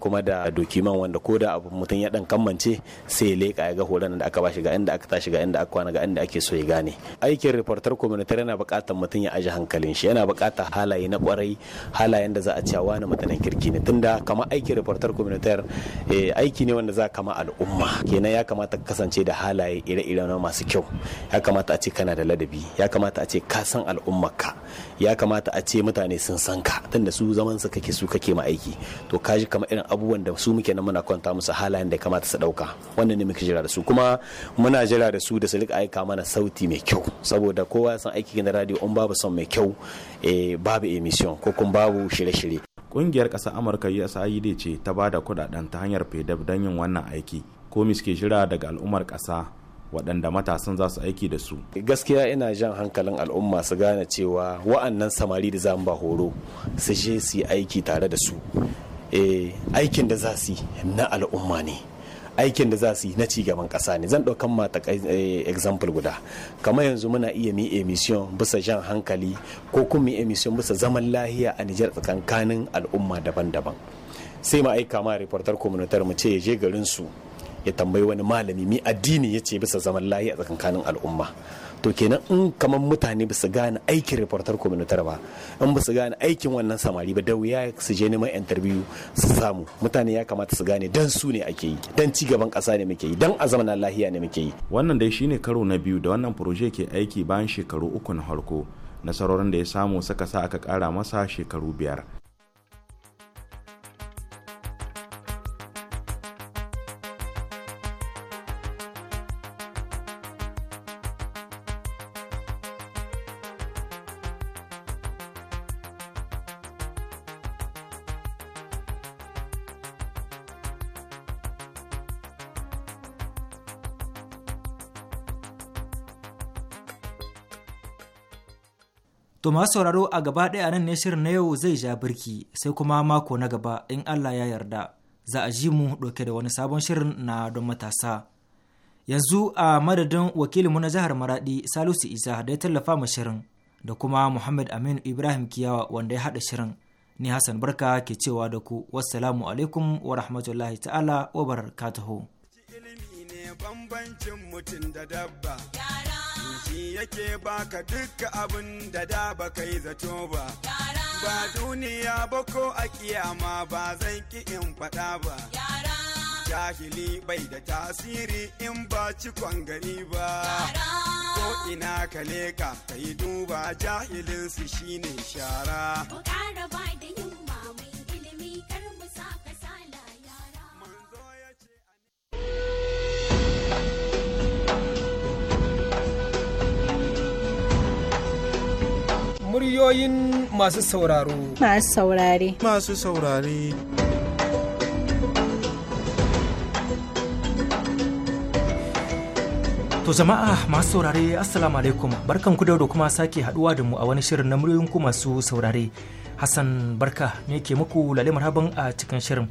kuma da dokiman wanda ko da abu mutum ya dan kammance sai ya leka ya ga horon da aka shi ga inda aka tashi ga inda aka kwana ga inda ake so ya gane aikin reporter communitarian yana bukatar mutum ya aje hankalin shi yana bukatar halaye halaye na kwarai halayen da za a ce na matanan kirki ne tunda kama aiki reporter communautaire eh, aiki ne wanda za kama al'umma kenan ya kamata ka kasance da halaye ire-ire na masu kyau ya kamata a ce kana da ladabi ya kamata a ce ka san ka. ya kamata a ce mutane sun san ka tunda su zaman su kake su kake ma aiki to kaji ji kamar irin abubuwan da su muke nan muna kwanta musu halayen da kamata su dauka wannan ne muke jira da su kuma muna jira da su da su rika aika mana sauti mai kyau saboda kowa ya san aiki na radio in babu son mai kyau eh, babu emission ko kuma babu shirye-shirye kungiyar ƙasar amurka usaid ce ta ba da kudaden ta hanyar e fedab don yin wannan aiki ko miske jira daga al'ummar kasa. waɗanda matasan za su aiki da su gaskiya ina jan hankalin al'umma su gane cewa wa'annan samari da za ba horo su je su yi aiki tare da su eh, aikin da za su yi na al'umma ne aikin da za su yi na cigaban kasa ne zan ɗaukan mata eh, example guda kamar yanzu muna iya mi emission bisa jan hankali ko kuma emission bisa zaman lahiya a nijar tsakankanin al'umma daban-daban sai ma aika ma reporter communitar mu ce ya je garin su ya tambayi wani malami mi addini ya ce bisa zaman layi a tsakankanin al'umma to kenan in kamar mutane ba gane aikin reporter communitar ba in ba gane aikin wannan samari ba da wuya su je neman interview su samu mutane ya kamata su gane dan su ne ake yi dan ci gaban kasa ne muke yi dan a zaman lahiya ne muke yi wannan dai shine karo na biyu da wannan proje ke aiki bayan shekaru uku na harko nasarorin da ya samu saka sa aka kara masa shekaru biyar To masu sauraro a gaba ɗaya nan ne shirin na yau zai ja birki sai kuma mako na gaba in Allah ya yarda za a ji mu ɗauke da wani sabon shirin na don matasa. Yanzu a madadin wakilinmu na jihar Maraɗi Salisu Isa da ya tallafa ma shirin da kuma Muhammad Aminu Ibrahim Kiyawa wanda ya haɗa shirin. Ni Hassan Barka ke cewa da ku wassalamu alaikum wa rahmatullahi ta'ala wa barakatuhu. Ilimi ne bambancin mutum da dabba. shi yake baka duka abin da da baka yi zato ba ba duniya ba ko a kiyama ba zan ki in faɗa ba jahili bai da tasiri in ba ci gari ba ko ina ka leka ka duba jahilin su shine shara ba da Muryoyin masu sauraro. Masu saurare. Masu saurare. To jama'a masu saurare assalamu alaikum barkan ku da kuma sake haduwa da mu a wani shirin na muryoyin ku masu saurare. Hassan barka ne ke muku lalle marhaban a cikin shirin.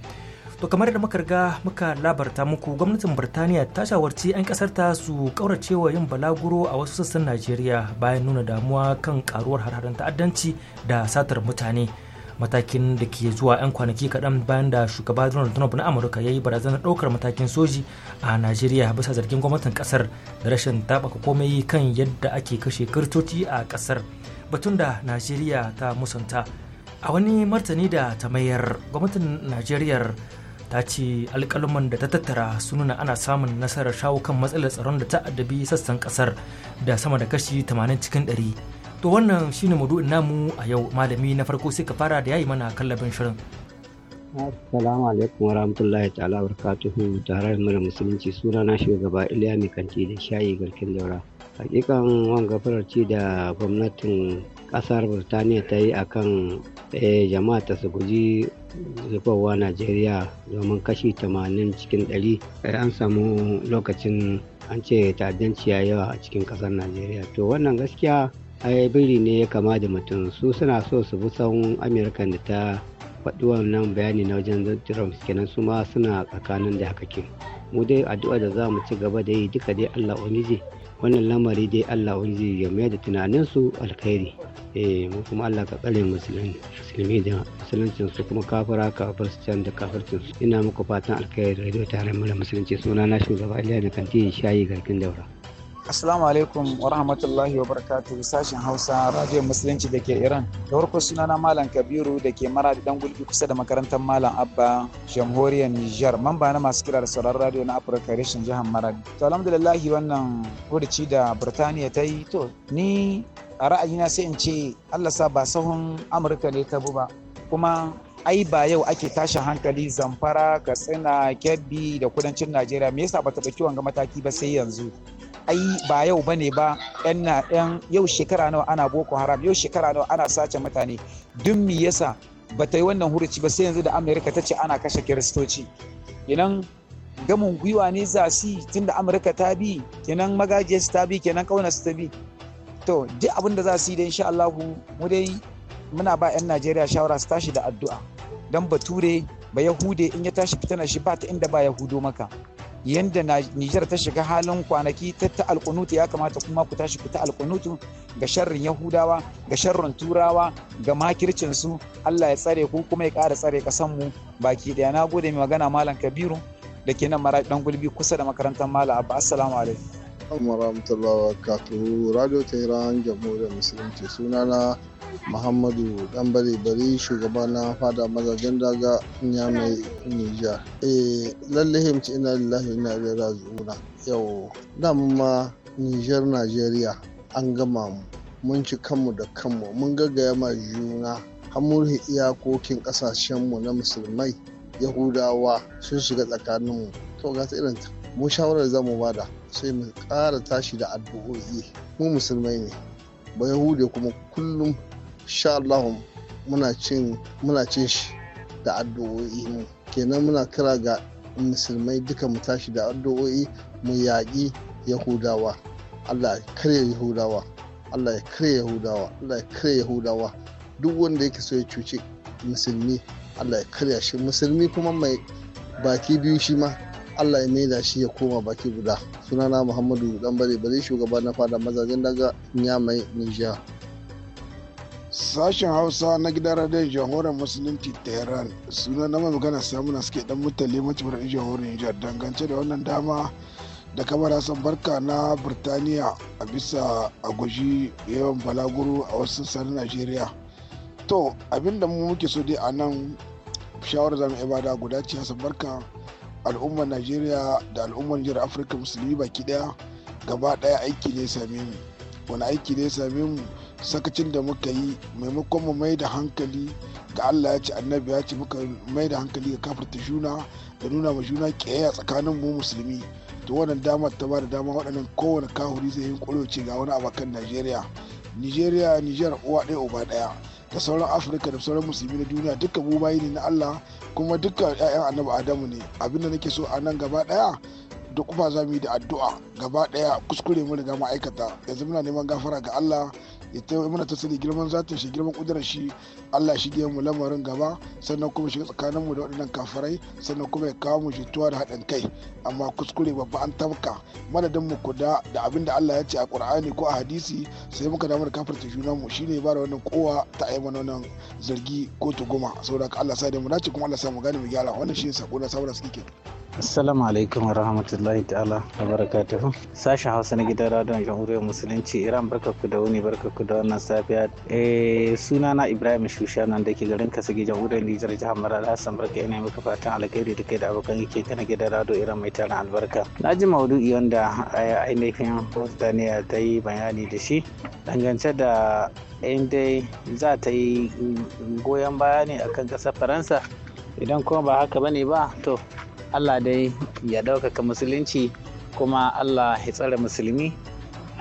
To kamar da muka riga muka labarta muku gwamnatin Birtaniya ta shawarci 'yan kasar ta su kauracewa yin balaguro a wasu sassan Najeriya bayan nuna damuwa kan karuwar harharen ta'addanci da satar mutane. Matakin da ke zuwa 'yan kwanaki kaɗan bayan da shugaba Donald Trump na Amurka ya yi barazanar ɗaukar matakin soji a Najeriya bisa zargin gwamnatin ƙasar da rashin taɓaka komai kan yadda ake kashe kirtoci a ƙasar batun da Najeriya ta musanta. A wani martani da ta mayar gwamnatin Najeriya ta ce alkalman da ta tattara su nuna ana samun nasarar shawo kan matsalar tsaron da ta addabi sassan kasar da sama da kashi 80 cikin 100 to wannan shine maudu'in namu a yau malami na farko sai ka fara da yayi mana kallabin shirin Assalamu alaikum warahmatullahi ta'ala barakatuhu tarayyar mana musulunci suna na shugaba iliyami Kanti da shayi garkin daura. Hakikan wanga ce da gwamnatin kasar burtaniya ta yi akan eh, jama'a ta su guji zubowa najeriya domin kashi tamanin cikin 100 eh, an samu lokacin an ce ta'addanci ya yawa a cikin kasar najeriya to wannan gaskiya ai biri ne ya kama da mutum su suna so su bi sahun Amurkan da ta faɗi wannan bayani na wajen trump kenan su ma suna tsakanin da haka ke mu dai addu'a da za mu ci gaba da yi duka dai allah omiji wannan lamari dai allah omiji ya mayar da tunaninsu alkhairi eh mu kuma Allah ka tsare musulmi musulmi da musulunci su kuma kafara ka bar su can da kafircin su ina muku fatan alkhairi radio tare mu da musulunci suna na shugaba na Kanti shayi garkin daura Assalamu alaikum wa rahmatullahi wa barakatuh sashen Hausa Radio Musulunci da ke Iran. Da farko na Malam Kabiru da ke mara dan gulbi kusa da makarantar Malam Abba Jamhuriyar Nijar, mamba na masu kira da sauran radio na Africa reshen jihar Maradi. To alhamdulillah wannan hudici da Birtaniya ta yi to ni a ra'ayina sai in ce allah sa ba sahun amurka ne ta bu ba kuma ai ba yau ake tashin hankali zamfara katsina kebbi da kudancin najeriya me yasa bata ɗauki wanga mataki ba sai yanzu ai ba yau bane ba yan na yan yau shekara nawa ana boko haram yau shekara nawa ana sace mutane duk me yasa ta yi wannan huruci ba sai yanzu da amerika ta ce ana kashe kiristoci kenan gamin gwiwa ne za su tunda amurka ta bi kenan magajiyarsu ta bi kenan su ta bi to duk abin da za su yi da insha Allah mu dai muna ba 'yan Najeriya shawara su tashi da addu'a don bature ba yahude in ya tashi fitana shi ba ta inda ba yahudo maka yanda Nijar ta shiga halin kwanaki ta ta alkunutu ya kamata kuma ku tashi ku ta alkunutu ga sharrin Yahudawa ga sharrin Turawa ga makircin su Allah ya tsare ku kuma ya kara tsare kasan mu baki ɗaya na gode mai magana Malam Kabiru da ke nan mara ɗan gulbi kusa da makarantar Malam Abba assalamu alaikum alaikum wa rahmatullahi Radio Tehran Jamhuriyar Musulunci sunana Muhammadu dan Bari shugaba na fada mazajen daga Nyamai Nijar. Eh lalle himci ina lillahi ina ilaihi raji'una. Yau dama ma Nijar Najeriya an gama mu mun ci kanmu da kanmu mun gaggaya ma juna hamurhi iyakokin ƙasashenmu na musulmai yahudawa sun shiga tsakaninmu to ga irin mu shawarar za mu bada sai mu ƙara tashi da addu'o'i mu musulmai ne ba yahudu kuma kullum sha Allah muna cin muna cin shi da addu'o'i mu kenan muna kira ga musulmai duka mu tashi da addu'o'i mu yaƙi yahudawa Allah ya kare yahudawa Allah ya kare yahudawa Allah ya kare yahudawa duk wanda yake so ya cuci musulmi Allah ya karya shi musulmi kuma mai baki biyu shi ma Allah ya maida shi ya koma baki guda sunana Muhammadu dan bare shugaba na fada mazajen daga Nyamai nijiya. sashen hausa na gidan radiyon jamhuriyar musulunci tehran suna na mai magana samuna suke dan mutane matsabar jamhuriyar nijar dangance da wannan dama da kamar san barka na birtaniya a bisa a guji yawan balaguro a wasu sassan najeriya to abinda muke so dai a nan shawarar zamu ibada guda ce barka al'ummar najeriya da al'ummar jihar afirka musulmi baki daya gaba daya aiki ne same mu wani aiki ne same mu sakacin da muka yi maimakon mu mai da hankali ga allah ya ci annabi ya ci muka mai da hankali ga kafarta juna da nuna ma juna kiyaya tsakanin mu musulmi to wannan damar ta ba da dama waɗannan kowane kahuri zai yi ƙuloce ga wani abakan najeriya nigeria niger uwa ɗaya uba ɗaya da sauran afirka da sauran musulmi na duniya duka mu bayi ne na allah kuma dukkan 'ya'yan annabi adamu ne abinda nake so a nan gaba daya da kuma za mu yi da addu'a gaba daya kuskure mu riga ma'aikata yanzu muna neman gafara ga allah ya taimaka mana tasiri girman zatin shi girman kudurar shi Allah shi mu lamarin gaba sannan kuma shiga tsakanin mu da waɗannan kafirai sannan kuma ya kawo mu shituwa da haɗin kai amma kuskure babba an tabka madadin mu kuda da abin da Allah ya ce a Qur'ani ko a hadisi sai muka damar kafirta junan mu shine ba da wannan kowa ta ayi mana wannan zargi ko tuguma saboda Allah sa da mu dace kuma Allah sa mu gane mu gyara wannan shine sako na saboda suke Assalamu alaikum wa rahmatullahi ta'ala wa barakatuhu. Sashen Hausa na gidan radon Jamhuriyar Musulunci Iran barkaku da wuni barkaku ku da wannan safiya. Eh, suna na Ibrahim Shushanan da ke garin Kasige jamhuriyar Nijar jihar Mara Hassan Barka ina maka fatan alkhairi da kai da abokan yake kana gida rado irin mai tara albarka. Na ji maudu'i wanda eh, ainihin Tanzania ta yi bayani da shi dangance da in dai za ta yi goyon baya ne akan ƙasar Faransa idan kuma ba haka ba ne ba to Allah dai ya ɗaukaka musulunci kuma Allah ya tsare musulmi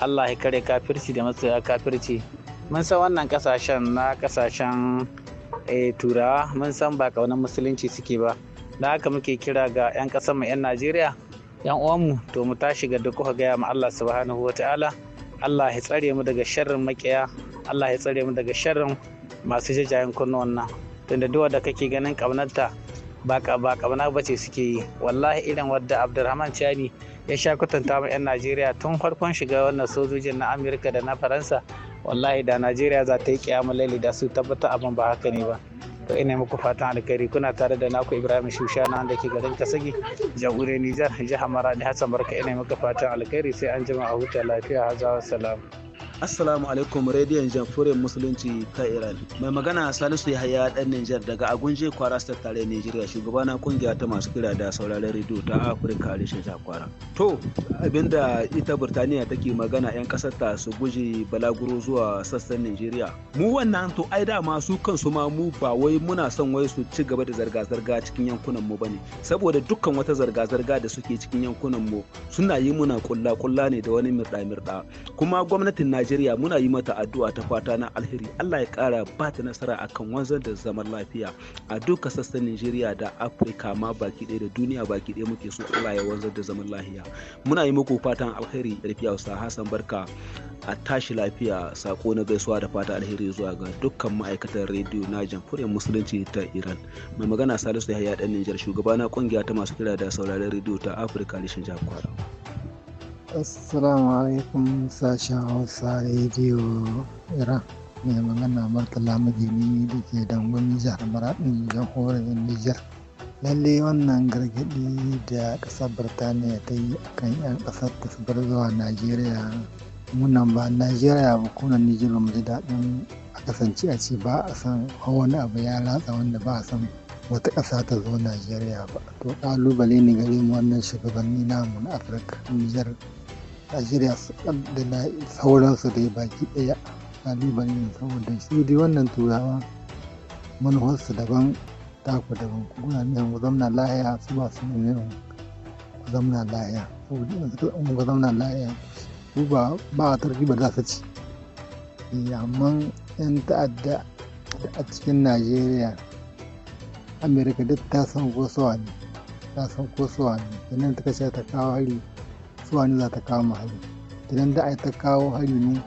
Allah ya kare kafirci da matsaya kafirci mun san wannan kasashen na kasashen eh, turawa mun san ba kaunar musulunci suke ba da haka muke kira ga 'yan ƙasar mu 'yan najeriya 'yan uwanmu to mu tashi ga duk kuka gaya ma allah subhanahu wa ta'ala allah ya tsare mu daga sharrin makiya allah ya tsare mu daga sharrin masu jajayen kunnuwan nan tunda duwa da kake ganin ta ba ka ba ce suke yi wallahi irin wadda abdulrahman chani ya sha kwatanta mu 'yan najeriya tun farkon shiga wannan sojojin na amurka da na faransa wallahi da najeriya za ta yi kiyamun laili da su tabbatar abin ba haka ne ba to ina muku fatan alkhairi kuna tare da naku ibrahim shushana da ke garin kasagi jamhuriyar nijar jihar maradi hassan barka ina muku fatan alkhairi sai an jima a huta lafiya hazawa salamu. Assalamu alaikum rediyon jamfurin musulunci ta Iran. Mai magana Salisu Yahaya dan Nijar daga Agunje Kwara State tare Nigeria shugaba na kungiya ta masu kira da sauraron rediyo ta Afirka Rishin Kwara. To abinda ita Burtaniya take magana yan kasar ta su guji balaguro zuwa sassan Nigeria. Mu wannan to ai ma su kansu ma mu ba wai muna son wai su ci gaba da zarga-zarga cikin yankunan mu bane saboda dukkan wata zarga-zarga da suke cikin yankunan mu suna yi muna kulla-kulla ne da wani mirda-mirda kuma gwamnatin Najeriya Najeriya muna yi mata addu'a ta fata na alheri Allah ya kara ba ta nasara akan wanzar da zaman lafiya a duka sassan Najeriya da Afirka ma baki ɗaya da duniya baki ɗaya muke so Allah ya wanzar da zaman lafiya muna yi muku fatan alheri Rafiya Usa Hassan Barka a tashi lafiya sako na gaisuwa da fata alheri zuwa ga dukkan ma'aikatan rediyo na jamhuriyar musulunci ta Iran mai magana Salisu Yahaya dan Nijar shugaba na kungiya ta masu kira da sauraron rediyo ta Afirka Lishin Jakwara. Assalamu alaikum sashen Hausa Radio Iran. mai magana Murtala Magini da ke dangon jihar Maraɗin jamhuriyar Nijar. Lalle wannan gargaɗi da ƙasar Birtaniya ta yi a kan 'yan ƙasar ta bar zuwa Najeriya. Munan ba Najeriya ba kuna Nijar ba mu ji daɗin a kasance a ce ba a san wani abu ya latsa wanda ba a san wata ƙasa ta zo Najeriya ba. To ƙalubale ne gare mu wannan shugabanni namu na Afirka Nijar najeriya da na sauransu ya baki ɗaya kalubale ne saboda su dai wannan turawa manufarsu daban taku daban kuna ne mu zamna lahiya su ba su nufin mu zamna lahiya saboda in zamna lahiya su ba ba a tarki ba za su ci eh, amma yan ta'adda a cikin najeriya amerika duk ta san kosowa ne ta san kosowa ne sannan ta kashe ta kawo hari suwa ne za ta kawo mu hari idan da ai ta kawo hari ne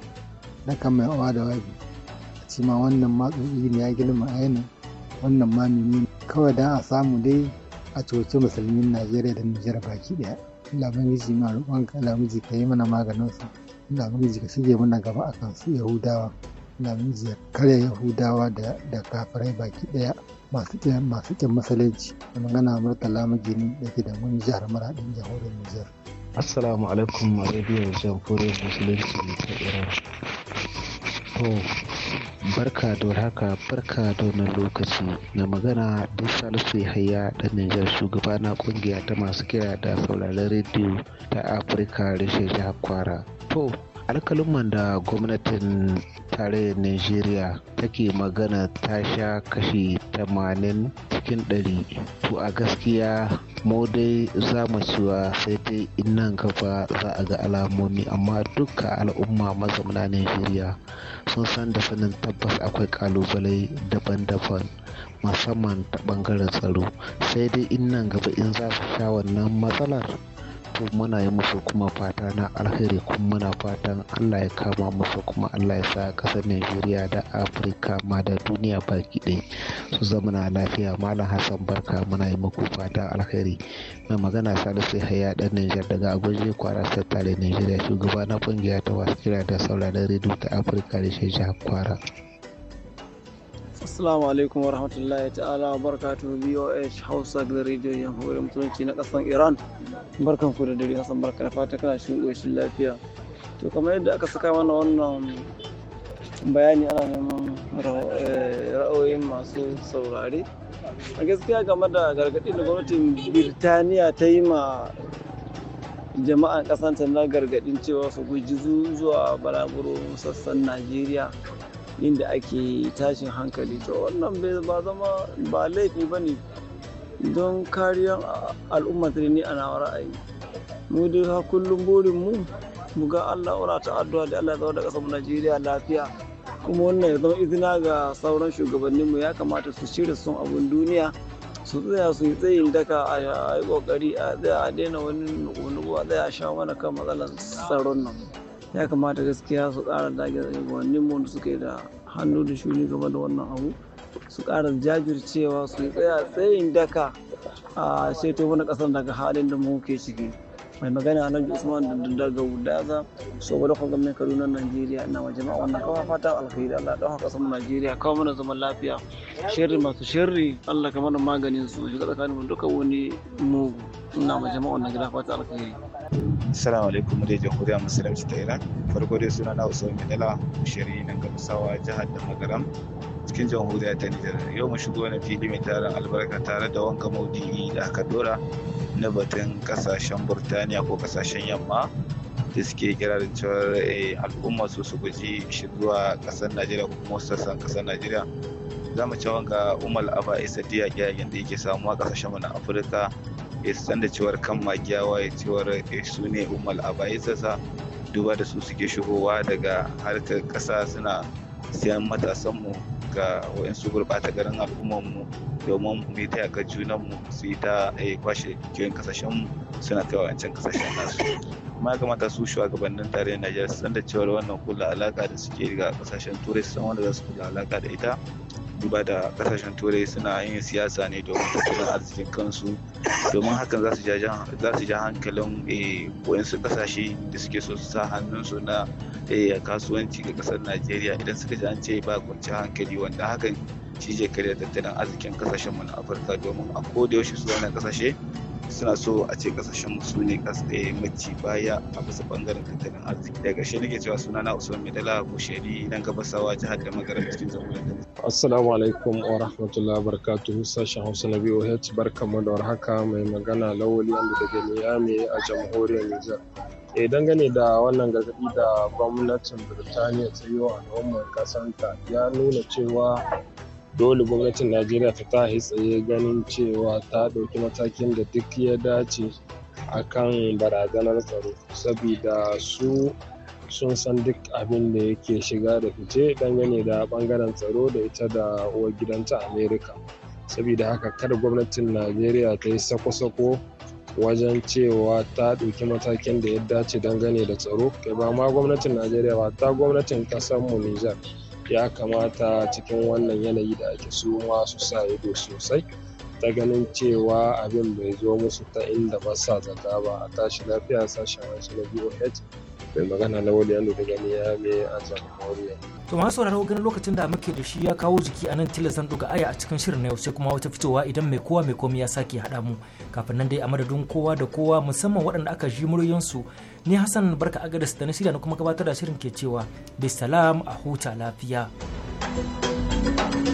na kan mai awa da wabi a ce ma wannan ma tsotsi ne ya girma a yanin wannan ma ne. kawai dan a samu dai a coci musulmin najeriya da nijar baki daya Allah bangiji ma roƙonka Allah miji ka yi mana maganin su Allah miji ka shige mana gaba akan su yahudawa Allah miji ya karya yahudawa da da kafirai baki daya masu ƙin masu kyan masalanci da magana murtala magini da ke da mun jihar maradin jamhuriyar Nijar. assalamu alaikum radio kore musulunci ta iran to barka da haka barka da wannan lokaci na magana duk salisu yahaya dan nijar shugaba na kungiya ta masu kira da sauraron rediyo ta afirka rashin jihar kwara to alkaluman da gwamnatin tarayyar najeriya take magana ta sha kashi 80 cikin 100 to a gaskiya modai dai za mu cewa sai dai in nan gaba za a ga alamomi amma duka al'umma mazauna najeriya sun san da sanin tabbas akwai kalubale daban-daban musamman ta bangaren tsaro sai dai in nan gaba in za su sha wannan matsalar to muna yi musu kuma fata na alheri kuma muna fatan Allah ya kama musu kuma Allah ya sa kasar Najeriya da Afirka ma da duniya baki ɗaya su zama na lafiya Malam Hassan Barka muna yi muku fatan alheri mai magana Salisu Haya dan Nijar daga Abuja Kwara Sattare Najeriya shugaba na kungiya ta wasu kira da sauraron rediyo ta Afirka da shi jihar Kwara. Assalamu alaikum wa rahmatullahi ta'ala wa barakatu BOH Hausa da Radio Jamhuriyar Musulunci na kasan Iran. Barkan ku da dare Hassan barka da fata kana cikin shi lafiya. To kamar yadda aka saka mana wannan bayani ana neman ra'ayoyin eh, masu saurare. A gaskiya game da gargaɗi da gwamnatin Birtaniya ta yi ma jama'an ƙasanta na gargadin cewa su guji zuwa balaguro sassan Najeriya. inda ake tashin hankali to wannan ba zama ba laifi ba ne don kariyar al'ummar ne a nawa ra'ayi mu dai ha kullum burin mu mu ga Allah ura ta addu'a da Allah ya da kasar Najeriya lafiya kuma wannan ya zama izina ga sauran shugabannin mu ya kamata su shirya sun abun duniya su tsaya su yi tsayin daka a yi kokari a tsaya a daina wani nuku a tsaya a sha mana kan matsalar tsaron nan. ya kamata gaskiya su ƙara dage shugabannin mu da suke da hannu da shuni game da wannan abu su ƙara jajircewa su yi tsaya tsayin daka a to wani ƙasar daga halin da muke ciki mai magana alhaji usman daga wudaza saboda kwa gwamnan kaduna najeriya ina ma jama'a wannan kawo fata alkhairi allah ɗaukar ƙasar najeriya kawo mana zaman lafiya shirri masu shirri allah ka mana maganin su shiga tsakanin mu duka wani mugu ina ma jama'a wannan gida fata alkhairi assalamu alaikum da jamhuriyar musulunci ta iran farko dai suna na usman dala shirri nan gamsawa jihar da magaram cikin jamhuriyar ta Nijar. Yau mu shigo wani fili mai tarin albarka tare da wanka maudini da aka dora na batun kasashen Burtaniya ko kasashen yamma da suke kirarin cewar eh, al'umma su su guji shigowa kasar Najeriya ko kuma sassan kasar Najeriya. Za mu ci wanka Umar Aba Isa Diya yayin da yake samuwa kasashen mu na Afirka ya san da cewar kan magiyawa ya cewar eh, su ne Umar Aba Isa duba da su suke shigowa daga harkar kasa suna siyan matasanmu ga waɗansu gurɓata garin al'ummarmu domin mu ta yaƙa junanmu su yi ta eh, kwashe kasashen kasashenmu suna kai wa wancan kasashen nasu kuma ya kamata su shugabannin tarayyar najeriya su san da cewar wannan kula alaka da suke ga kasashen turai su san wanda za su kula alaka da ita duba da kasashen turai suna yin siyasa ne domin tattalin arzikin kansu domin hakan za su ja hankalin eh, wayansu kasashe da suke so su sa hannunsu na eh, kasuwanci ga kasar najeriya idan suka ji an ce ba kwanci hankali wanda hakan shi zai karya tattalin arzikin kasashenmu na afirka domin a koda yaushe su wannan kasashe suna so a ce kasashen su ne eh, mace baya a bisa bangaren tattalin arziki daga shi nake cewa suna na usman medala bushari nan gabasawa jihar da magaram cikin jamhuriyar assalamu alaikum wa rahmatullahi wa barakatuhu sashen hausa na boh mu da warhaka mai magana lawali wanda daga miami a jamhuriyar nijar eh dangane da wannan gargaɗi da gwamnatin birtaniya ta yi wa al'ummar kasanta ya nuna cewa dole gwamnatin najeriya ta hi tsaye ganin cewa ta ɗauki matakin da duk ya dace a kan barazanar tsaro sabida su sun san duk abin da yake shiga da fice dangane da bangaren tsaro da ita da uwa gidanta amerika sabida haka kar gwamnatin najeriya ta yi sako-sako wajen cewa ta ɗauki matakin da ya dace dangane da tsaro kai ba ma gwamnatin najeriya ba ta gwamnatin mu nijar ya kamata cikin wannan yanayi da ake su masu su sa ido sosai ta ganin cewa abin bai zo musu ta inda ba sa zata ba a tashi lafiya sashen wasu na boh mai magana na wani ya lura gani ya me an samu kawariya. to masu sauraro ganin lokacin da muke da shi ya kawo jiki a nan tilasan ɗuga aya a cikin shirin na yau sai kuma wata fitowa idan mai kowa mai komai ya sake haɗa mu kafin nan dai a madadin kowa da kowa musamman waɗanda aka ji su ni hassan barka agadas da na shirya na kuma gabatar da shirin ke cewa bisalam a huta lafiya. thank you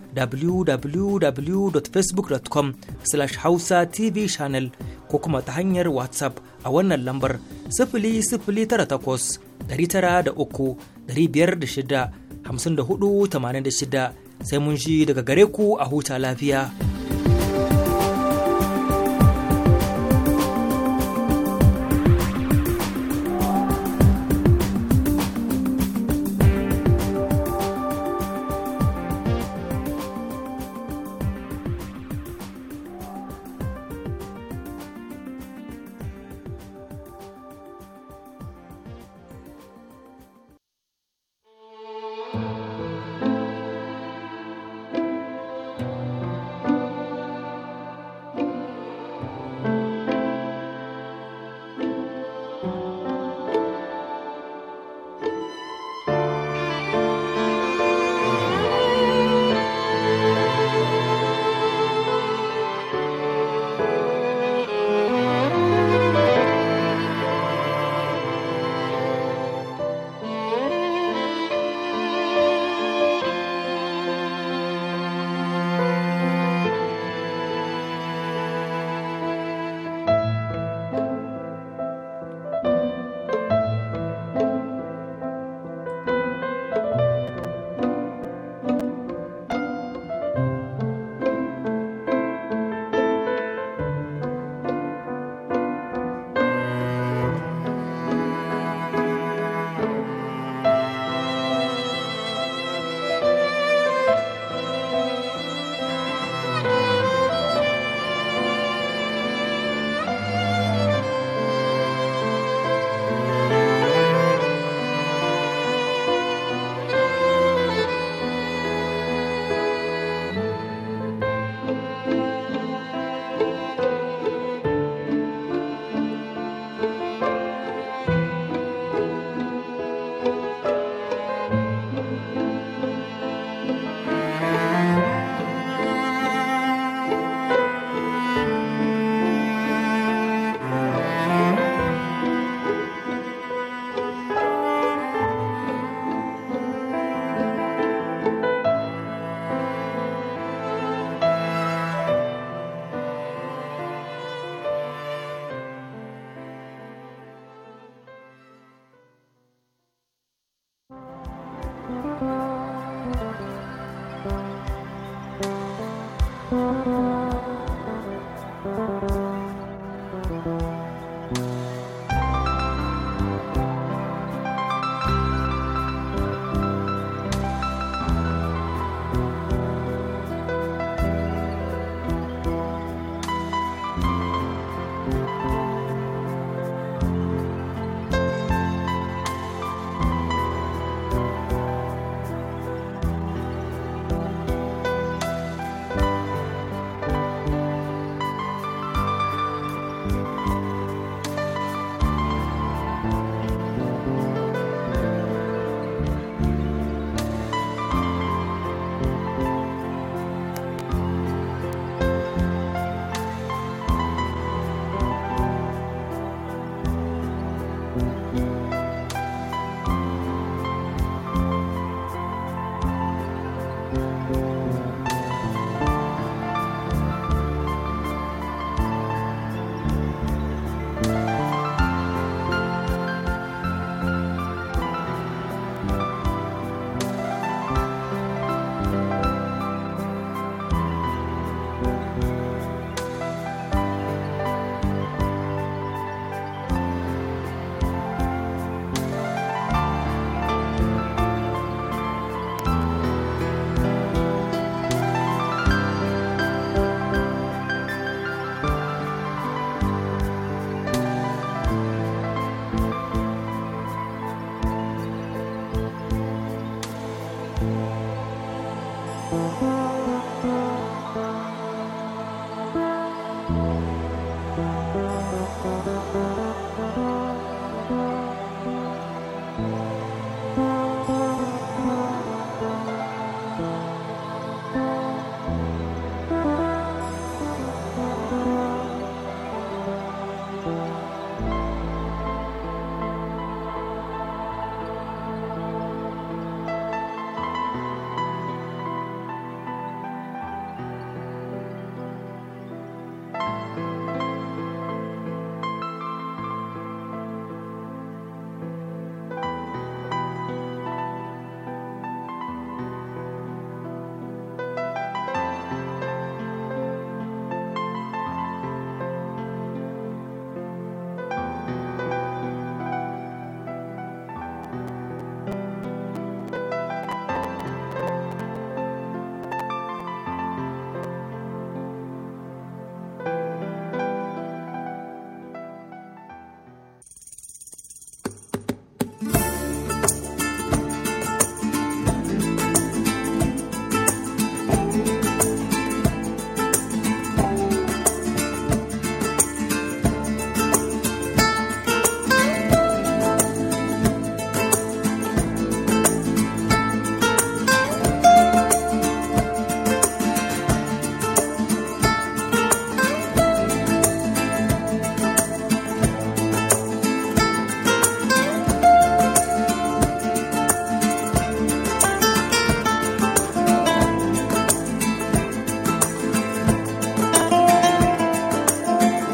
www.facebook.com slash hausa tv channel ko kuma ta hanyar whatsapp a wannan lambar 00983 506 shida. sai mun ji daga gare ku a huta lafiya.